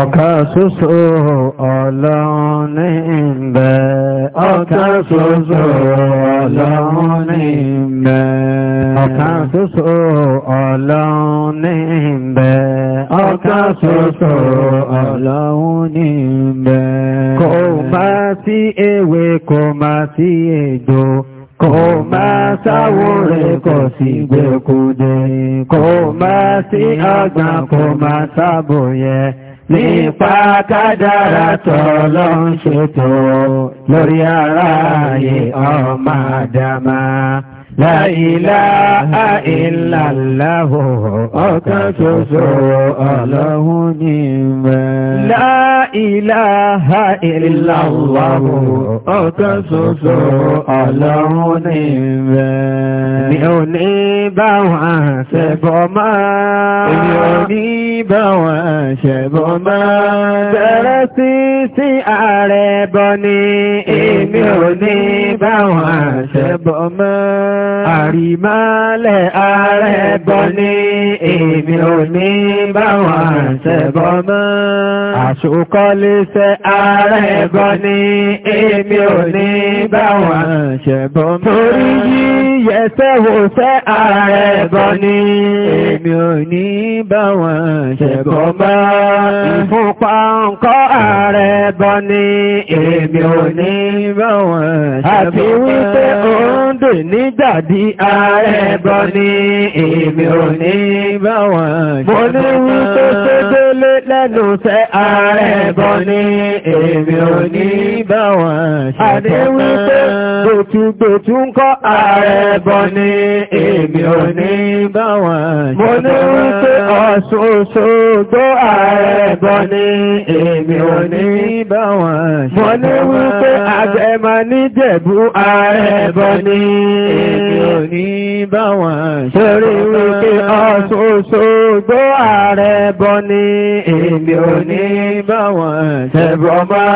Ọ̀kan ṣoṣo Ọlọ́run ní ìbẹ̀. Ọ̀kan ṣoṣo Ọlọ́run ní ìbẹ̀. Ọ̀kan ṣoṣo Ọlọ́run ní ìbẹ̀. Ọ̀kan ṣoṣo Ọlọ́run ní ìbẹ̀. Kò máa sí ewé kò máa sí èdò. Kò máa sáwòrè kò sí gbèkúdé, kò máa sí àgbà kò máa sábòyẹ nípa kádàrà tọ́lọ ń ṣètò lórí ara ayé ọmọ àdámá. La ilaha illallahu ọ̀kan ṣoṣo ọlọ́hun ní mẹ́. La ilaha illallahu ọ̀kan ṣoṣo ọlọ́hun ní mẹ́. Mi ò ní bá wọn ṣẹbọ máa. Mi ò ní bá wọn ṣẹbọ máa. Bẹ̀rẹ̀ sí sí ààrẹ àrìmálẹ̀ ààrẹ gbọ́ ní èmi ò ní báwọn àṣẹbọ́ mọ́ àṣòkọ́lẹ́sẹ̀ ààrẹ gbọ́ ní èmi ò ní báwọn àṣẹbọ́ mọ́ torí yíyẹsẹ̀ òṣẹ́ ààrẹ gbọ́ ní èmi ò ní báwọn àṣẹbọ́ mọ́ ìfúnpá ǹkọ́ ààrẹ gbọ́ ní èmi ò ní báwọn àṣẹbọ́ mọ́ àti wípé òǹdè nígbà di ààrẹ bọ́ ní èmi ò ní bá wọn jẹ́ mọ́. mo ní wípé pépé lólé lẹ́nu tẹ́ ààrẹ bọ́ ní èmi ò ní bá wọn ṣe tọ́ta. Àní wípé gbòtúgbòtú ń kọ́ ààrẹ bọ́ ní èmi ò ní bá wọn ṣe tọ́ta. Mo ní wípé Ọ̀ṣun Òṣogbo ààrẹ bọ́ ní èmi ò ní bá wọn ṣe tọ́ta. Mo ní wípé Àgẹ̀mọ níjẹ̀bú ààrẹ bọ́ ní èmi ò ní bá wọn ṣe tọ́ta. Torí wípé Ọ̀ṣun Òṣogbo ààrẹ bọ́ ní èmi ò ní bá wọn tẹ̀bọ̀ mọ́.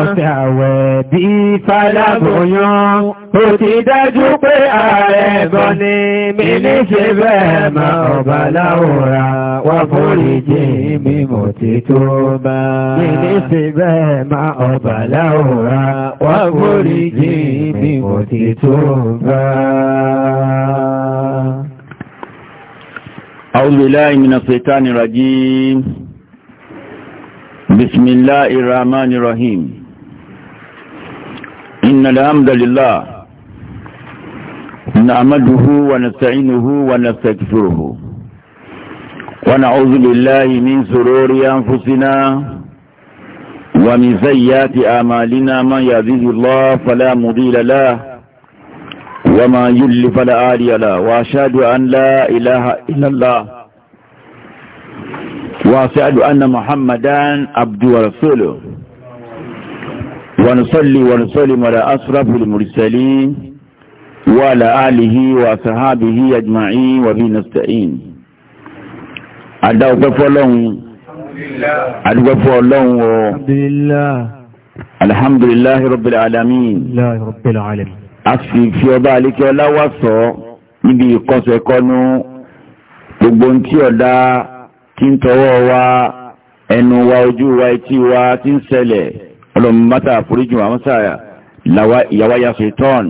Ọ̀sẹ̀ àwẹ̀ bí Fálábòyán, ó ti dájú pé ààrẹ bọ́ ni mi ní ṣe bẹ́ẹ̀ mọ́ ọba láwòrá wá fórí jì mí mo ti tó bá. Mi ní ṣe bẹ́ẹ̀ mọ́ ọba láwòrá wá fórí jì mí mo ti tó bá. أعوذ بالله من الشيطان الرجيم بسم الله الرحمن الرحيم إن الحمد لله نعمده ونستعينه ونستغفره ونعوذ بالله من سرور أنفسنا ومن سيئات أعمالنا من يهده الله فلا مضل له وما يضلل فلا هادي له وأشهد أن لا إله إلا الله وأشهد أن محمدا عبده ورسوله ونصلي ونسلم على أشرف المرسلين وعلى آله وأصحابه أجمعين وبه نستعين أدعو فلون أدعو فلون الحمد لله الحمد لله رب العالمين لله رب العالمين أسفي في ذلك لا وصو níbi ìkọsẹ̀kọnú gbogbo tí ọ̀dá tí ń tọwọ́ wa ẹnu wa ojú wa etí wa tí ń ṣẹlẹ̀ ọlọ́mọmátà àforíjì wa mọ́sà ìyàwó ya ṣetán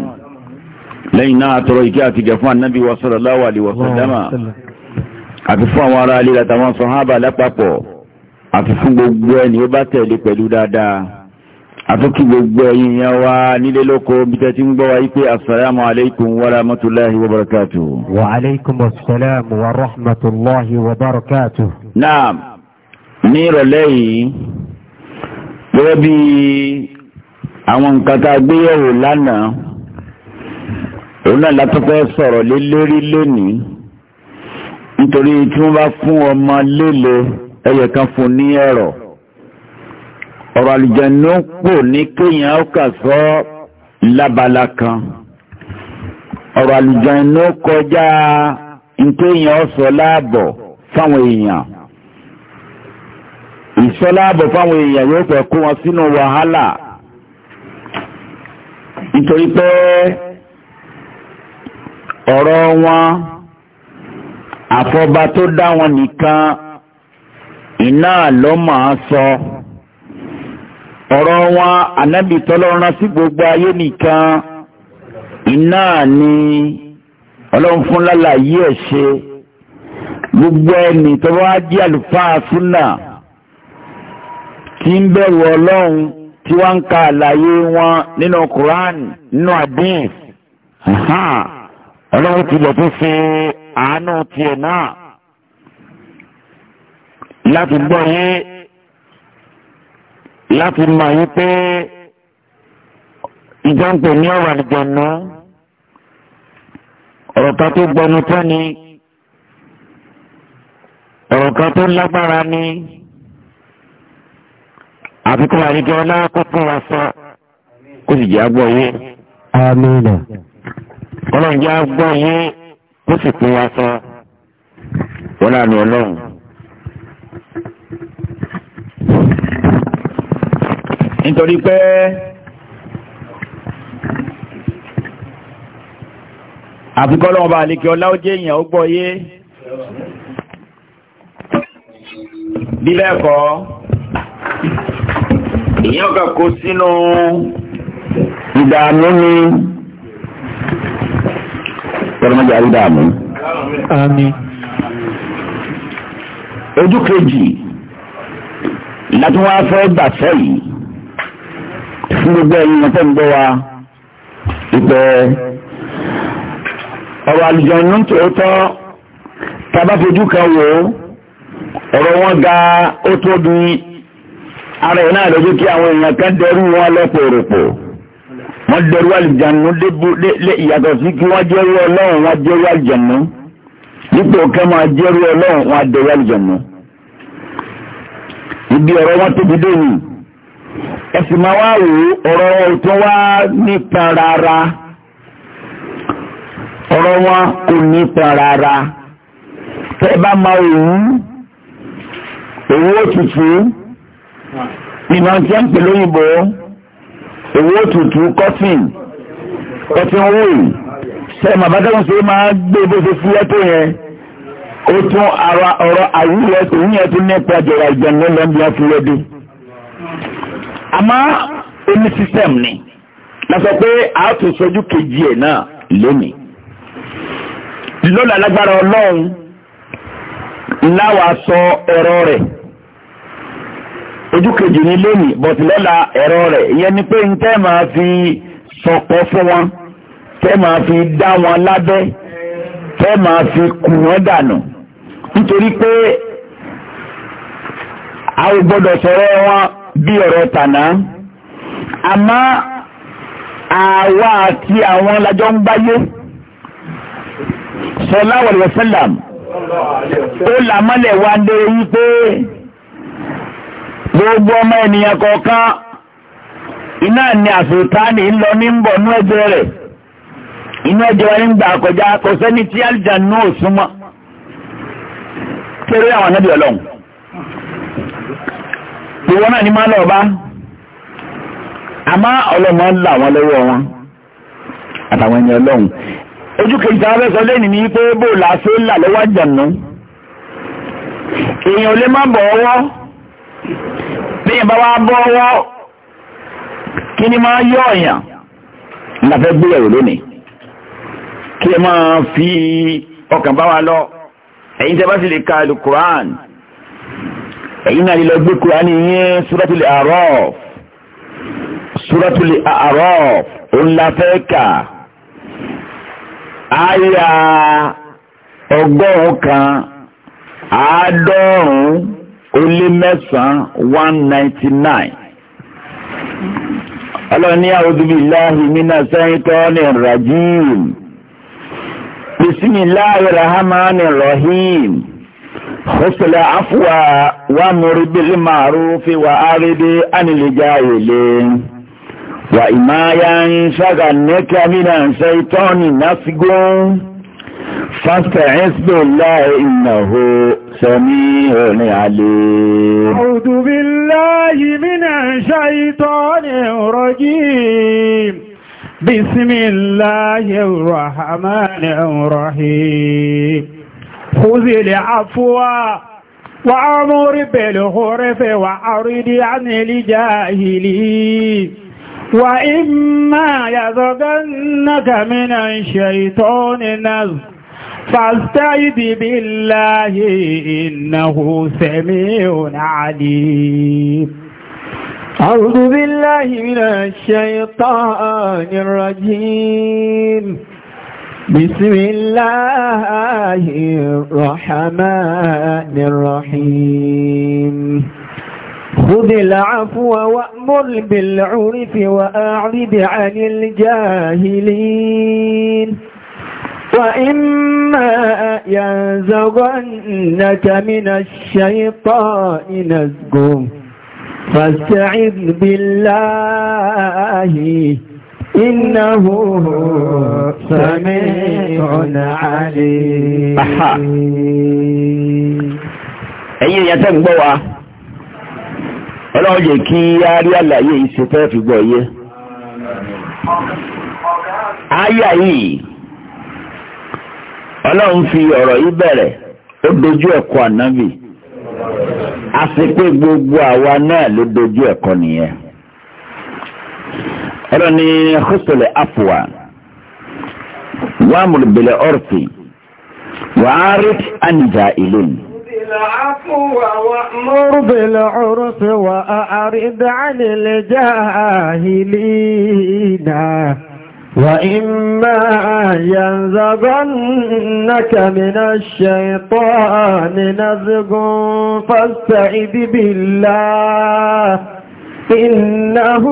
lẹ́yìn náà tọrọ ìkẹ́ àti gẹ̀ fún ànábì wa sallallahu alaihi wa sallama àti fún àwọn ará ilé àtàwọn sàhábà lápapọ̀ àti fún gbogbo ẹni ó bá tẹ̀lé pẹ̀lú dáadáa àti kí gbogbo ẹ̀yin yẹn wá nílé lóko bí tẹ́ ti ń gbọ́ wa wípé assalamu alaikum wa rahmatulahi wa barakatuh. wa alaikum assalamu wa rahmatulahi wa barakatuh. náà ní ìrọ̀lẹ́ yìí gẹ́gẹ́ bí àwọn nǹkan tá a gbé yẹ̀wò lánàá òun náà látọ́fẹ́ sọ̀rọ̀ lé lórí lónìí nítorí tí wọ́n bá fún ọmọ léle ẹyẹ kan fún ní ẹ̀rọ ọ̀rọ̀ àlùjẹ̀nu pò ní kéèyàn ó kà sọ lábala kan ọ̀rọ̀ àlùjẹ̀nu kọjá nkéèyàn ó sọ láàbọ̀ fáwọn èèyàn. ìṣọ́láàbọ̀ fáwọn èèyàn yóò fẹ́ kó wọn sínú wàhálà nítorí pé ọ̀rọ̀ wọn àfọba tó dá wọn nìkan iná ló máa sọ ọ̀rọ̀ wọn ànábì tọ́lọ́run sí gbogbo ayé nìkan iná ni ọlọ́run fún lálàyé ẹ̀ ṣe gbogbo ẹni tó bá jẹ́ àlùfáà súnà tí ń bẹ̀rù ọlọ́run tí wọ́n ń ka àlàyé wọn nínú Quran nínú àdín ọlọ́run tilẹ̀ tó fi àánú tiẹ̀ náà láti gbọ́ yé láti mọ̀ yí pé ìjọ́ǹpẹ̀ ní ọ̀rọ̀ àjọ̀nà ọ̀rọ̀ kan tó gbọnu tán ni ọ̀rọ̀ kan tó lágbára ni àfi kó àríjọ náà kó fún wa sọ kó sì jẹ́ àgbọ̀ yé. amínà. kọ́lọ́n jẹ́ àgbọ̀ yé kó sì fún wa sọ wọ́n lànà ọlọ́run. nítorí pé àfikọ́lọ́ ọba àlekè ọlá ó jẹ́ èèyàn ó gbọ́ yé. bí kọ́ ìyẹn ọ̀gá kó sínú ìdààmú ni tọ́lọ́mọdé àrídààmú. àmín. ojú kejì láti wá fẹ́ gbà sẹ́yìn fún gbogbo ẹ̀yin ọ̀tẹ́ ń bọ́ wa ìpẹ́ ọ̀rọ̀ àlùjọ̀nù tòótọ́ tá a bá fojú kan wò ọ̀rọ̀ wọn ga ó tóbi ara ẹ̀ náà lójú kí àwọn èèyàn kan dẹrú wọn lọ́pọ̀rọ̀pọ̀ wọ́n dẹrú àlìjànú yàtọ̀ sí kí wọ́n jẹ́rú ọlọ́run wọ́n jẹ́rú àlìjànú dípò kẹ́ máa jẹ́rú ọlọ́run wọ́n dẹrú àlìjànú. ibi ọ̀rọ̀ wọn tóbi dóni ẹ̀sìn máa wá wò ọ̀rọ̀ wọn wá nípa rárá ọ̀rọ̀ wọn kò nípa rárá tẹ́ bá máa wò ó owó tuntun ìmọ̀ tí a ń pè lóyìnbó owó òtútù kọ́fìn kọ́fìn owó yìí sẹ́yìn màbádágún ṣe máa gbé bó ṣe fúyẹ́ tó yẹn ó tún ara ọ̀rọ̀ àwúrẹ́ òun yẹn tún nípa jọ̀rọ̀ ìjẹun lọ́nbíà fúyẹ́ dé àmọ́ oní sísẹ́m ni lọ́sọ pé a tún sojú kejì ẹ̀ náà lónìí lọ́la lágbára ọlọ́run láwàá sọ ẹ̀rọ rẹ̀ ojú kejì ní lónìí bọ̀tí lọ́la ẹ̀rọ rẹ̀ ìyẹn ni pé ń tẹ́ máa fi sọ̀pọ̀ fún wọn tẹ́ máa fi dá wọn lábẹ́ tẹ́ máa fi kù wọ́n dànù nítorí pé a gbọ́dọ̀ sọ̀rọ̀ wọn bí ọ̀rọ̀ tàná àmọ́ àwa àti àwọn lájọ́ ń báyé sallallahu alaihi ó làmọ́lẹ̀ wá lé wípé gbogbo ọmọ ènìyàn kọ̀ọ̀kan iná ni àfìtánì ń lọ ní ń bọ̀ ní ẹgbẹ́ rẹ̀ inú ẹjọ́ wa ń gbà kọjá kò sẹ́ni tí alìjàn náà súnmọ́ kéré àwọn anábì ọlọ́run ìwọ náà ni máa lọ bá àmọ́ ọlọ́mọ ń là wọn lọ́wọ́ wọn àtàwọn ẹni ọlọ́run ojú kejì táwọn fẹ́ sọ lẹ́nu ní pé bóòlù àṣẹ ń lọ́wọ́ àjànú èèyàn ò lè má bọ̀ ọwọ́ bí ìbá wa bọ́ ọwọ́ kí ni máa yọ ọ̀yàn láfẹ́ gbéyàwó lónìí kí ẹ máa fi ọkàn bá wa lọ ẹ̀yin tẹ́ bá sì lè ka alukuran ẹ̀yin náà lè lọ gbé kuran yẹn suratul A'raf suratul A'raf òun láfẹ́ ọgọ́rùn-ún kan àádọ́rùn-ún. ó lé mẹ́sàn-án one ninety nine. ọlọ́ni a'udhu billahi minash shaytanir rajim. bismillahir rahmanir rahim. خذ العفو وامر wa واعرض عن الجاهلين وإما ينشغلك من الشيطان نسج فاستعذ بالله إنه سميع عليم أعوذ بالله من الشيطان الرجيم بسم الله الرحمن الرحيم خذ العفو وأمر بالعرف وأعرض عن الجاهلين وإما يذغنك من الشيطان نزغ فاستعذ بالله إنه سميع عليم أعوذ بالله من الشيطان الرجيم بسم الله الرحمن الرحيم خذ العفو وأمر بالعرف وأعرض عن الجاهلين وإما ينزغنك من الشيطان نزغ فاستعذ بالله إنه سميع عليم أي يتنبوه ọlọ́run jẹ́ kí á rí àlàyé yìí ṣe fẹ́ fi gbọ́ yé àyà yìí ọlọ́run fi ọ̀rọ̀ yìí bẹ̀rẹ̀ ó dojú ẹ̀kọ́ ànábì àṣepé gbogbo àwa náà ló dojú ẹ̀kọ́ nìyẹn ọ̀rọ̀ ni hosele afuwa wàmùlùbẹ̀lẹ̀ ọ̀rfì wàárí ànìjà ìlú ni. بالعفو وأمر بالعرف وأعرض عن الجاهلين وإما ينزغنك من الشيطان نزغ فاستعذ بالله إنه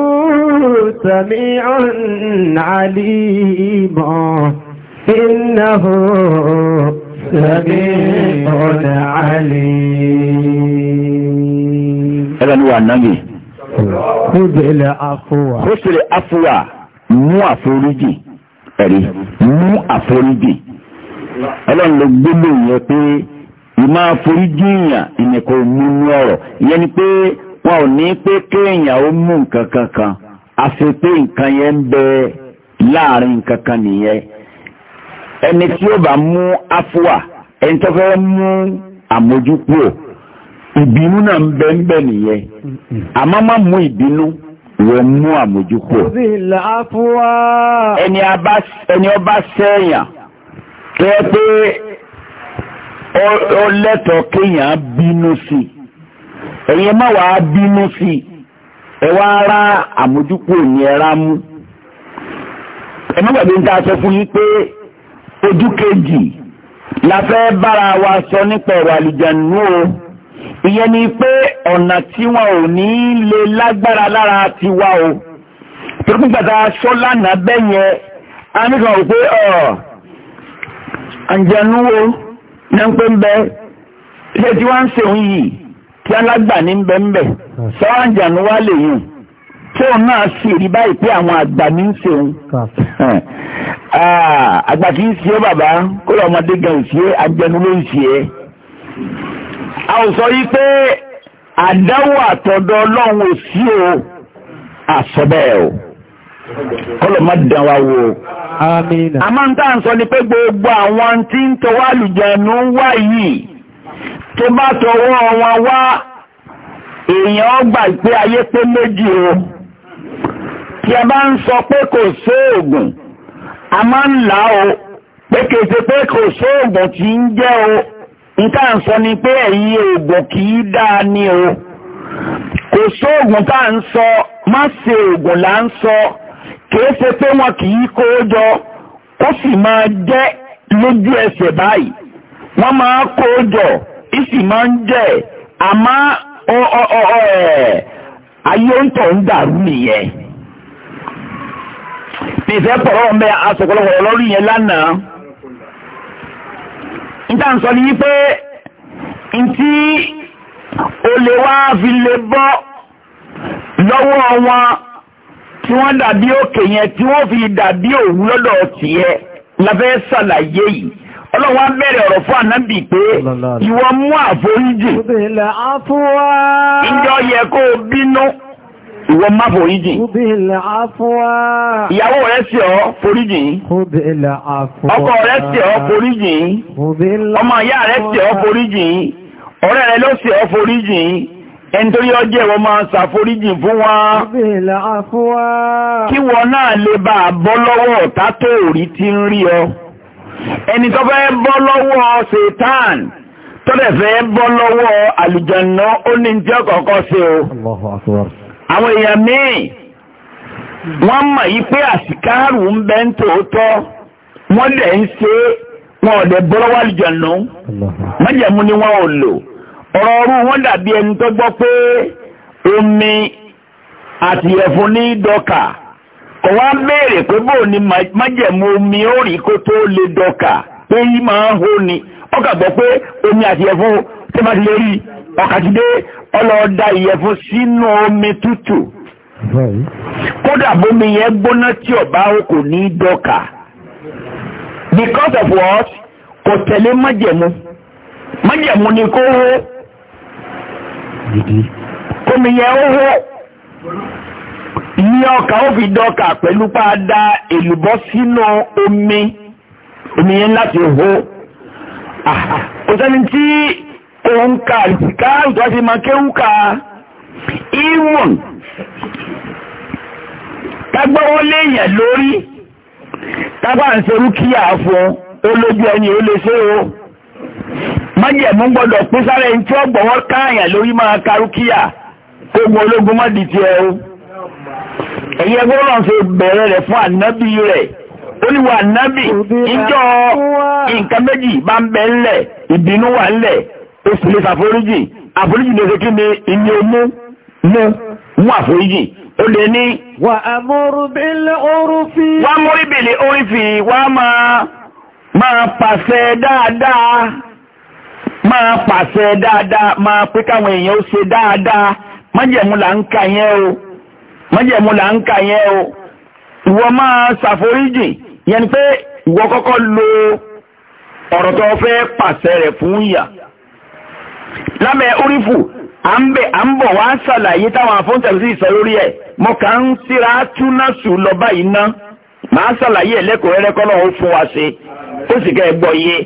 سميع عليم إنه السميع العليم ẹgbẹ́ ni wà náàbì kúdìlẹ̀ afúwà kúdìlẹ̀ afúwà mú àforíjì ẹ̀rí mú àforíjì ọlọ́run ló gbélé yẹ pé ìmá àforíjì èèyàn ìnìkò múnú ọ̀rọ̀ ìyẹn ni pé wọn ò ní pé kéèyàn ó mú nǹkan kankan àfi pé nǹkan yẹn ń bẹ láàrin nǹkan nìyẹn ẹni tí ó bá mú afuwa ẹni tó fẹ́ mú àmójúkúrò ìbínú náà ń bẹ ń bẹ nìyẹn àmọ́ má mú ìbínú wọ́n mú àmójúkúrò. ẹni ọba sẹ́yìn tó yẹ pé ó lẹ́tọ̀ọ́ kéèyàn bínú sí ẹ̀yin má wàá bínú sí ẹ wá rá àmójúkúrò ní ẹ rá mú ẹ má gbàgbé ń sọ fún yín pé ojú kejì la fẹ́ bára wa sọ nípa ọ̀rọ̀ àlùjànnú o ìyẹn ni pé ọ̀nà tí wọn ò ní lè lágbára lára tiwa o torí gbàgbà sọ́lánà bẹ́yẹn a nígbà wò pé ọ̀ àlùjànnú o ní ń pè ń bẹ ṣé tí wọ́n ń ṣe òun yìí kí alágbà ní ń bẹ ń bẹ sọ́ hmm. àlùjànnú wa lè yùn tó náà sì rí báyìí pé àwọn àgbà ní ń ṣe òun ah, àgbà kì í ṣe é bàbá kó lọ ọmọdé gan ò ṣe é ajẹnu ló ń ṣe é a ò sọ yí pé àdáwò àtọ̀dọ̀ ọlọ́run ò sí o àsọ̀bẹ̀ o kọlọ̀ má dán wa wò a máa ń tàà ń sọ ni pé gbogbo àwọn tí ń tọwọ́ àlùjẹ̀nù wà yìí tó bá tọwọ́ wọn wá èèyàn gbà pé ayé pé méjì o tí a bá ń sọ pé kò sóògùn a máa ń là ó pé kèsè pé kò sóògùn tí ń jẹ́ o nǹkan ń sọ ni pé èyí oògùn kì í dáa ni o kò sóògùn tá à ń sọ má ṣe oògùn là ń sọ kìí pé wọn kì í kó jọ ó sì máa jẹ́ lójú ẹsẹ̀ báyìí wọ́n máa kó jọ ìsì máa ń jẹ́ àmọ́ ayé ń tọ̀ ń dàrú nìyẹn ní ìfẹ́ pọ̀rọ̀ ń bẹ asọ̀kọlọ̀wọ̀rọ̀ lórí yẹn lánàá níta ń sọ ní wípé ntí o lè wá fi lè bọ́ lọ́wọ́ wọn tí wọ́n dàbí òkè yẹn tí wọ́n fi dàbí òwú lọ́dọ̀ tiẹ̀ lábẹ́ ṣàlàyé yìí ọlọ́wọ́ bẹ̀rẹ̀ ọ̀rọ̀ fún ànábì pé ìwọ mú àforíjì ìjọ yẹ kó bínú Ìwọ má foríjìn. Kúbìlẹ̀ àfúwá. Ìyàwó rẹ̀ sí ọ foríjìn. Kúbìlẹ̀ àfúwá. Ọkọ rẹ̀ sí ọ foríjìn. Kúbìlẹ̀ àfúwá. Ọmọ ìyá rẹ̀ sí ọ foríjìn. Ọ̀rẹ́ rẹ̀ ló sí ọ foríjìn. Ẹni torí ọjẹ́ ìwọ máa ṣàforíjìn fún wa. Kí wọ náà lè bá bọ́ lọ́wọ́ ọ̀tá tó ti ń rí ọ. Ẹni tó fẹ́ bọ́ lọ́wọ́ Ṣètán tó fẹ́ bọ́ lọ́wọ́ àlùjànnà ó ní ti ọkọ̀ọ̀kọ́ sí o. Allahu Akbar. àwọn èèyàn míì wọ́n mọ̀ yí pé àsìkáàrù ń bẹ ń tòótọ́ wọ́n ń ṣe wọn ò dẹ̀ bọ́lọ́ wà lùjọ̀nù májẹ̀mú ni wọn ò lò ọ̀rọ̀ wọn dàbí ẹni tó gbọ́ pé omi ní dọ́kà wá béèrè pé bóò ni májẹ̀mú omi ó rí kó tó lè dọ́kà pé yí máa ń hó ni ọkà gbọ́ pé omi àtìyẹ̀fun tó bá ti ọ̀kàtídé ọlọ́ọ̀dá ìyẹ̀fun sínú omi tútù kódà bómi yẹn gbóná tí ọba kò ní dọ́kà because of what kò tẹ̀lé májẹ̀mú májẹ̀mú ni kó hó kómi yẹn ó hó ní ọkà ó fi dọ́kà pẹ̀lú pàdá èlùbọ́ sínú omi omi yẹn láti hó kò sẹ́ni tí òǹkà ìsìká ìtọ́sí ma kéwúkà ìwọ̀n tágbọ́wọ́ léèyàn lórí tábà ń serú kíyà fún olójú ẹni ó lè ṣe o májẹ̀mú gbọ́dọ̀ pín sára ẹni tí ó gbọ́wọ́ káàyàn lórí máa karú kíyà tó gbọ́ ológun má di ti ẹ o ẹ̀yẹ gbọ́dọ̀ ṣe bẹ̀rẹ̀ rẹ̀ fún ànábì rẹ̀ olúwa ànábì ìjọ nǹkan méjì bá ń bẹ ńlẹ̀ ìbínú wà ńlẹ̀ ó sì lè ṣàforíjì àforíjì lè ṣe kí ni ìní omú mú mú àforíjì ó lè ní. wà á múrú bílẹ̀ orí fi. wà á múrú bílẹ̀ orí fi wà á máa máa pàṣẹ dáadáa máa pàṣẹ dáadáa máa pé káwọn èèyàn ó ṣe dáadáa májẹ̀mú là ń kà yẹn o ìwọ máa ṣàforíjì yẹn pé ìwọ kọ́kọ́ lo ọ̀rọ̀ fẹ́ pàṣẹ rẹ̀ fún ìyà. lábẹ́ orífù à ń bẹ̀ à ń bọ̀ wá ṣàlàyé táwọn afọ́ntẹ̀lú sì sọ lórí ẹ̀ mo kà ń síra túnásù lọ báyìí ná màá ṣàlàyé ẹ̀lẹ́kọ̀ọ́ ẹ̀rẹ́kọ́ náà ó fún wa ṣe ó sì kẹ́ ẹ gbọ́ iye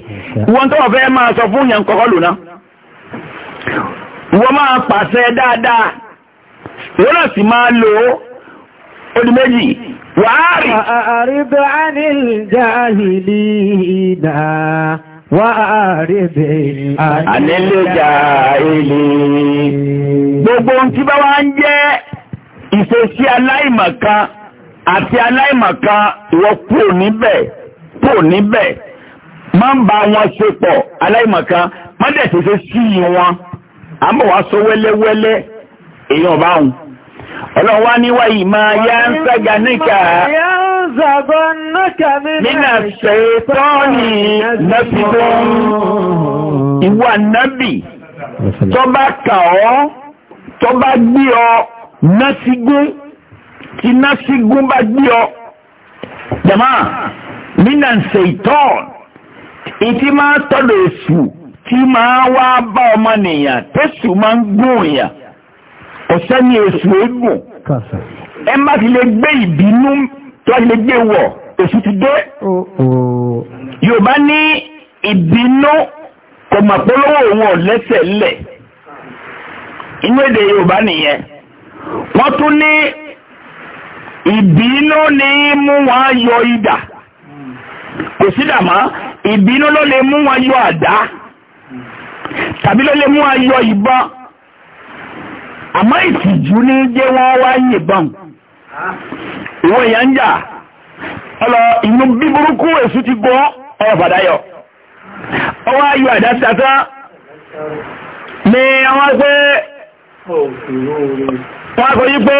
wọn tó wọ́n fẹ́ máa sọ fún yẹn kọ́kọ́ lónà wọ́n máa pàṣẹ dáadáa wọ́n náà sì máa lò odi méjì wàá rí. àrídọ́ Wàárẹ̀bẹ̀ ànílẹ́jà ilé. Gbogbo ohun tí bá wá ń jẹ́ ìṣesí aláìmọ̀kan àti aláìmọ̀kan ìwọ kúrò níbẹ̀ kúrò níbẹ̀ máa ń bá wọn ṣe pọ̀ aláìmọ̀kan má dẹ̀ ṣeṣe sí wọn a mọ̀ wá sọ wẹ́lẹ́wẹ́lẹ́ èèyàn bá wọn. Ọlọ́run wá níwáyìí máa yá ń sága níkà. ينزغنك من الشيطان نفذ ìwọ ànábì tó bá kà ọ́ tó bá gbé ọ násígún tí násígún bá gbé ọ jama nínà ṣètọ́ ìtí máa tọ́lọ̀ èṣù tí máa wá bá ọmọ nìyàn tẹ́sù máa ń gún ìyà ọ̀sẹ́ ni èṣù eégún ẹ má ti lè gbé ìbínú tó lè gbé wọ̀ èṣù ti dé oh, oh. yorùbá ní ìbínú kò mà polówó òun ọ̀lẹ́sẹ̀ lẹ̀ inú èdè yorùbá nìyẹn wọ́n tún ní ìbínú ní mú wọn yọ idà kò sídà mọ́ ìbínú ló lè mú wọn yọ àdá tàbí ló lè mú wọn yọ ìbọn àmọ́ ìtìjú ní jẹ́ wọ́n wá yìnbọn ìwọ èèyàn ń jà ọlọ inú bíburúkú èṣù ti gbọ́ ọwọ́ fàdáyọ ọwọ́ ayò àdásí àtá ni àwọn pé wọ́n kò yí pé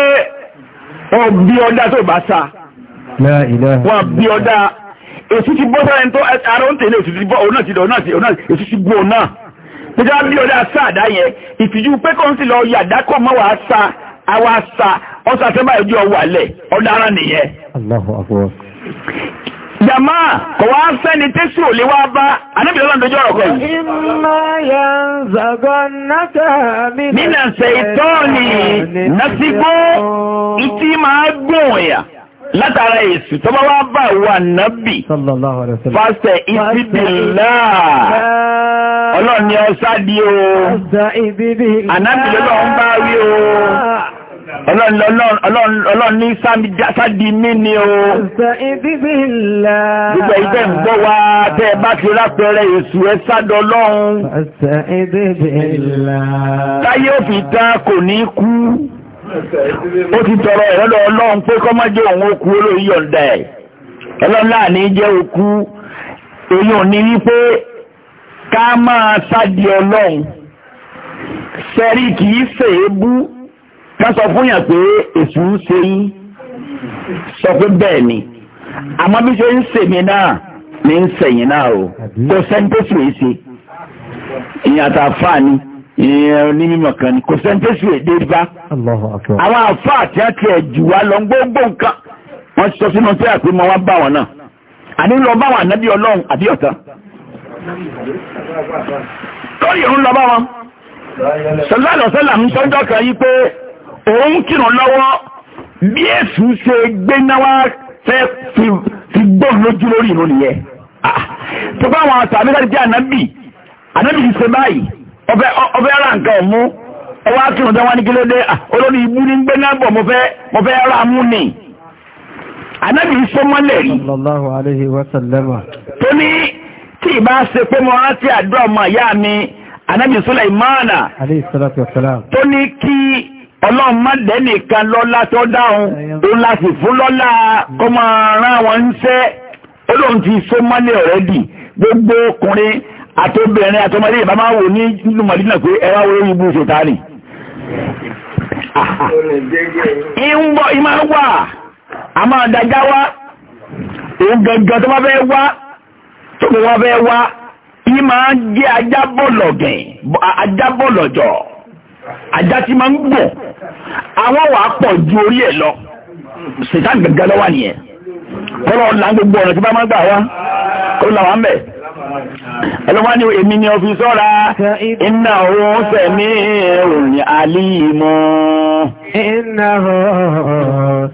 wọ́n bí ọdá tó bá sá wọ́n bí ọdá èsù ti bọ́ sọ́rọ̀ tó ara ń tèlé èṣù ti bọ́ ọ̀nà ti dọ̀ ọsọ àtẹ́bà ìjọ wà lẹ̀ ọ̀daràn nìyẹn. Jàmá kò wá sẹ́ni tẹ́sí ò lè wá bá anábìlẹ̀ lọ́nà ìjọ ọ̀rọ̀ kan. Ìmọ̀ yà ń zàgọ́ náà nínà ṣe ìtọ́ ni násìgbó ìtí máa gùn ẹ̀yà látara èsì tó bá wá bá wà nábì fásẹ̀ ìfìdìlá ọlọ́ni ọ̀sá di o anábìlẹ̀ lọ́n bá rí o. Ọlọ́run ní sáàdì mí ni o. Gbogbo ìgbẹ́ ń gbọ́ wa tẹ́ bá ti rápẹrẹ èsù ẹ sádọ lọ́run. Táyé ò fi tán kò ní kú. Ó ti tọrọ ìrọ́lọ́ Ọlọ́run pé kọ́ má jẹ́ òun ó kú olóyìn yọ̀ǹda ẹ̀. Ọlọ́run náà ní jẹ́ òkú. Èyí ò ní wípé ká máa sáàdì Ọlọ́run. Sẹ́rí kìí ṣèébú ká sọ fún yàn pé èsù ń ṣe yín sọ pé bẹ́ẹ̀ ni àmọ́ bí ṣe ń ṣèmi náà ní ń ṣẹ̀yìn náà o kò sẹ́ńtẹ́sì rẹ̀ ṣe ìyẹn àtàfáà ni ní mímọ̀ kan ní kò sẹ́ntẹ́sì èdè bá àwọn àfá àti àti ẹ̀jù wa lọ gbogbo nǹkan wọ́n ti sọ sínú tí àpé mọ́ wá bá wọn náà àní lọ bá wọn ànábí ọlọ́run àbí ọ̀tá lórí òun lọ bá wọn sọlá lọ́sọ́là ń sọ́jọ́ kan yí pé òun kírùn lọ́wọ́ bí èsù ṣe gbé náwá fẹ́ fi gbọ́n lójú lórí ìrún nìyẹn ah, tó bá wọn àtàmì láti jẹ́ ànábì ànábì ti ṣe báyìí ọbẹ̀ ara nǹkan ọ̀mú ọwọ́ akírùn dáwọn ní kílódé ah, ibú ní gbé ni ànábì ń sọ mọ́lẹ̀ rí tó ní tí ìbá ṣe pé mo rántí àdúrà ọmọ mi ànábì tó ní ọlọ́run má dẹ́nìkan lọ́lá tó dáhùn òun láti fún lọ́lá ọmọ aràn wọn ń sẹ́ olóhun ti so mọ́lẹ̀ ọ̀rẹ́dì gbogbo ọkùnrin àtobìnrin àtọmọdé ìbá máa wò ní ìlú màdínà pé ẹwà wo ibú ṣètánì ìwọ̀ ìmá wà a máa dájá wá òun gangan tó bá fẹ́ wá tó bá ajábọ̀lọ̀gẹ̀ ajábọ̀lọ̀jọ̀ ajá tí máa ń gbọ̀ àwọn wàá pọ̀ ju orí ẹ̀ lọ sèta gẹ́gẹ́ lọ́wà nìyẹn kọ́lọ̀ ọ̀la gbogbo ọ̀nà tí bá máa gbà wá kọ́lọ̀ làwọn bẹ̀ ẹlọ́wà ni èmi ni ọ̀fi sọ́ra iná òun sẹ̀mí òní àlìmọ́ iná ọlọ́run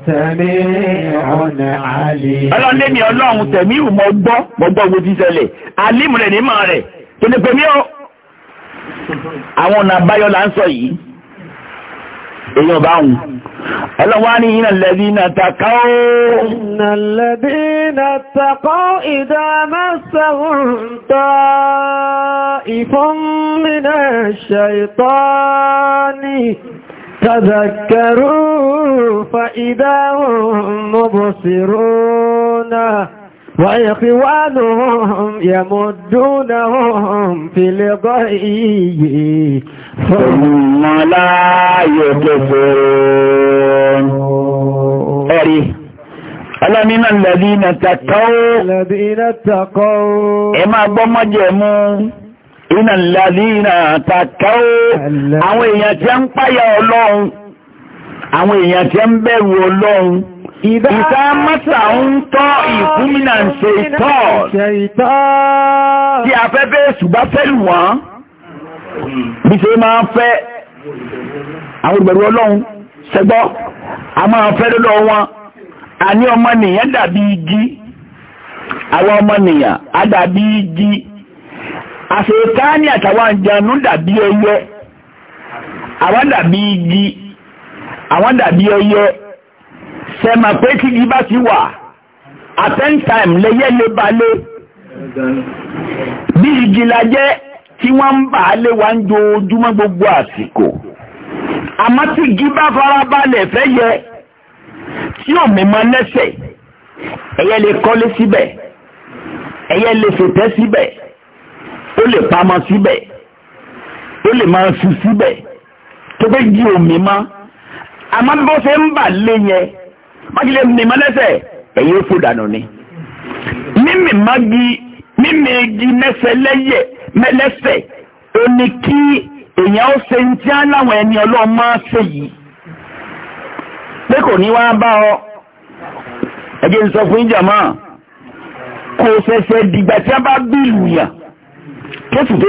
sẹ̀mí ìwọ̀n gbọ́ gbogbo ti ṣẹlẹ̀ àlìmọ́ rẹ̀ ní rẹ̀ tó àwọn ọ̀nà àbáyọ là ń sọ yìí èèyàn bá wù ọlọ́wọ́ ní iná lẹ́bí na takọ́ iná lẹ́bí na takọ́ ní تذكروا فإذا هم مبصرون وإخوانهم يمدونهم في لقائه ثم لا يكفرون أري ألمن الذين اتقوا الذين اتقوا إما بمجمو إن الذين اتقوا àwọn èèyàn tí ń páyà Ọlọ́run Ìdá mọ́sà ń tọ́ ìfúnmínà ń ṣe ìtọ́. Tí afẹ́fẹ́ ṣùgbá fẹ́lù wọ́n, bí ṣe máa ń fẹ́ àwọn ìgbẹ̀rù ọlọ́run ṣẹgbọ́, a máa fẹ́ lọ́dọ̀ wọn, a ní ọmọnìyàn dàbí igi, àwọn ọmọnìyàn a dàbí igi, àṣetáni àtàwọn àjànú dàbí ẹyẹ, àwọn dàbí igi, àwọn dàbí ẹyẹ sẹ́mà pé kí yí bá ti wà àtẹ́ntàìm lẹ́yẹ́ lè bá lé bí igi la jẹ́ tí wọ́n ń bà á lé wa ń jojúmọ́ gbogbo àsìkò àmọ́ tí igi bá farabalẹ̀ fẹ́ yẹ tí ò mímọ́ lẹ́sẹ̀ ẹyẹ lè kọ́lé síbẹ̀ ẹyẹ lè fètè síbẹ̀ ó lè pamọ́ síbẹ̀ ó lè máa sùn síbẹ̀ tó fẹ́ jí omi àmọ́ bó ṣe ń bà lé yẹn mákìlẹ̀ mímọ́ lẹ́sẹ̀ ẹ̀yìn ó fò dànù ni mímì mági mímì igi mẹ́sẹ̀ lẹ́yẹ̀ mẹ́lẹ́sẹ̀ ó ní kí èèyàn ó ṣe ń tí á láwọn ẹni ọlọ́run máa ṣe yìí pé kò ní wá bá ọ ẹgbẹ́ ń sọ fún ìjàmá kò ṣẹ̀ṣẹ̀ dìgbà tí a bá bí ìlú yàn kéèsì tó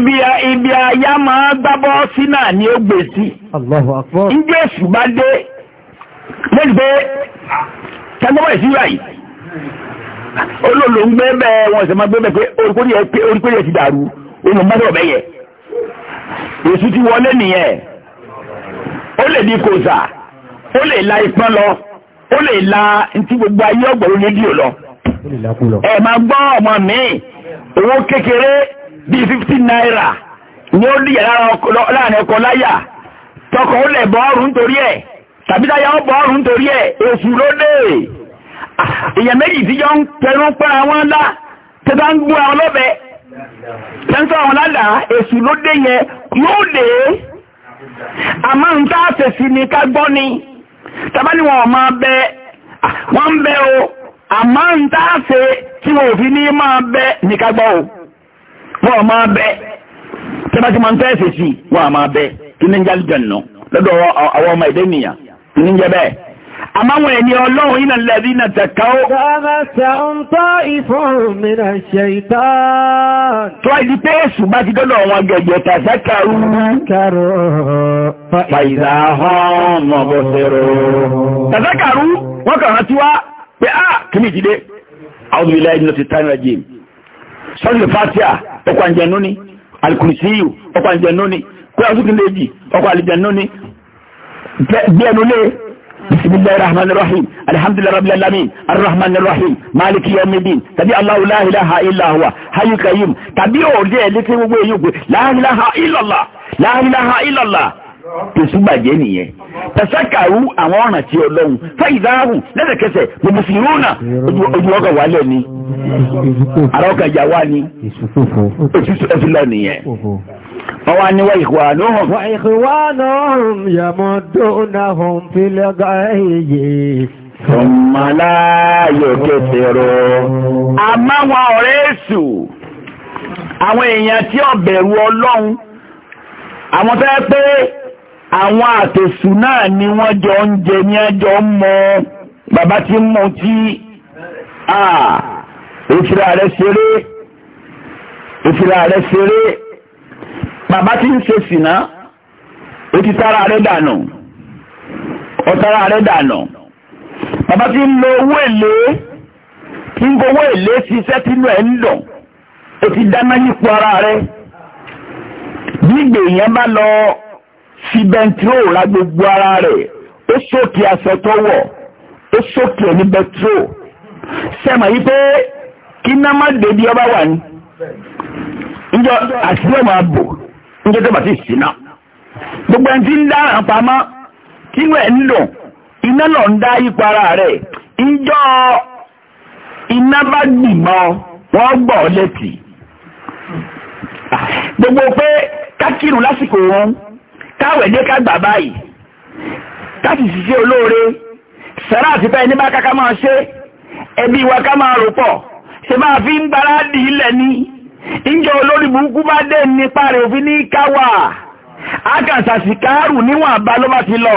ibi àyá máa gbábọ́ sí náà ni ó gbé sí ìgbé èsù bá dé lẹ́gbẹ́ pé tẹ́gbọ́n yìí olóòlò ń gbé bẹ́ẹ̀ wọn ìsẹ̀mọ́ gbé bẹ́ẹ̀ pé orípẹ́lẹ̀ ẹ̀ ti dàrú olùmọ́dọ̀ bẹ́yẹ èsù ti wọlé nìyẹn ó lè di kòsà ó lè la ìpọ́n lọ ó lè la ntí gbogbo ayé ọgbọ̀n rédíò lọ ẹ̀ máa gbọ́ ọmọ mi owó kékeré bíi 15 naira ni ó dìyà láàrin ọkọ láyà tọkọ ó lẹ̀ bọ́ọ̀rù nítorí ẹ̀ tàbí táyà ó bọ́ọ̀rù nítorí ẹ̀ èṣù ló dé èèyàn méjì tí jọ ń tẹnu pẹ́ra wọn lá tẹ́ bá ń gbúra ọlọ́bẹ tẹ́ńtọ́ àwọn ládàá èṣù ló dé yẹn yóò dé àmọ́ ń tá àṣẹ̀sí ni ká gbọ́ ni tàbá ni wọ́n máa bẹ wọ́n ń bẹ o àmọ́ ń tá àṣẹ tí wọ́n fi ní máa bẹ ní ká gbọ́ o wọ́n a máa bẹ́ tẹ́bàtí máa ń tẹ́ ẹ̀sẹ̀ sí wọ́n a máa bẹ́ kí ní jẹ́ àlùjànnà lọ́dọ̀ àwọn ọmọ ẹ̀dẹ́ nìyà kí ní jẹ́ bẹ́ẹ̀ àmáwọn ẹni ọlọ́run yínà lẹ́bí na tẹ̀káó tó ìdí pé èṣù bá ti dọ́dọ̀ wọn gẹ̀gẹ̀ tàṣẹ́kàrú fàìzà hàn mọ̀bọ̀sẹ̀rọ̀ tàṣẹ́kàrú wọ́n kàrán tí sọ́ọ̀lì fatia ọkọ̀ àjẹ̀nú ni alkùnìsíyù ọkọ̀ àjẹ̀nú ni kúrò sókè léjì ọkọ̀ àjẹ̀nú ni bí ẹnu lé بسم الله الرحمن الرحيم الحمد لله رب العالمين الرحمن الرحيم مالك يوم الدين tàbí Allahu la ilaha illa huwa hayyul qayyum tàbí o je le ti gbogbo eyin gbe la ilaha illa Allah tòṣùgbàjẹ́ nìyẹn tàṣàkàrú àwọn ọ̀ràn tí ọlọ́run fáìdáhùn lẹ́sẹ̀kẹsẹ̀ gbogbo sí rúnà ojú ọkọ̀ wálẹ̀ ni àrọ́kàjà wá ní òṣìṣẹ́ lọ nìyẹn Ọwá ni wà ìkwànúhùn. Wà ìkwànúhùn yàmọ̀dúnàhùn fi lọ́gá èyí. Ṣọmọlá yóò kéfèrò. A máa wọn ọ̀rẹ́ àwọn àtòsù náà ni wọ́n jọ ń jẹ ní ẹjọ́ ń mọ bàbá tí ń mọ tí ìfìrà rẹ̀ ṣeré ìfìrà rẹ̀ ṣeré bàbá tí ń ṣe sìná ó ti tara rẹ̀ dànù ó tara rẹ̀ dànù bàbá tí ń lo owó èlé tí ń gbowó èlé ṣiṣẹ́ tí ń lọ ó ti dáná yípo ara rẹ̀ bí ìgbè yẹn bá lọ fi bẹntiró la gbogbo ara rẹ̀ ó sókè aṣọ tó wọ̀ ó sókè ní bẹntiró sẹ́mọ̀ yí pé kí ná má débi ọba wà ní ìjọ àṣìlẹ̀ máa bò níjọ́ tó bá ti sí náà gbogbo ẹni tí ń dára pamọ́ tí wẹ̀ ń lò iná lọ ń dá yípa ara rẹ̀ ìjọ iná bá gbìmọ̀ wọ́n gbọ́ létí gbogbo pé kákìrù lásìkò wọn káwẹ̀ dé ká gbà báyìí káti ṣiṣẹ́ olóore sàrá àti pẹ́ ní bá káká máa ṣe ẹbí wa ká máa rò pọ̀ ṣe máa fi ń gbára dì ilẹ̀ ní ìjọ olórí burúkú bá dé nípa rẹ̀ òfin ní káwà ágànsàsì káàrù níwọ̀n àbá ló bá ti lọ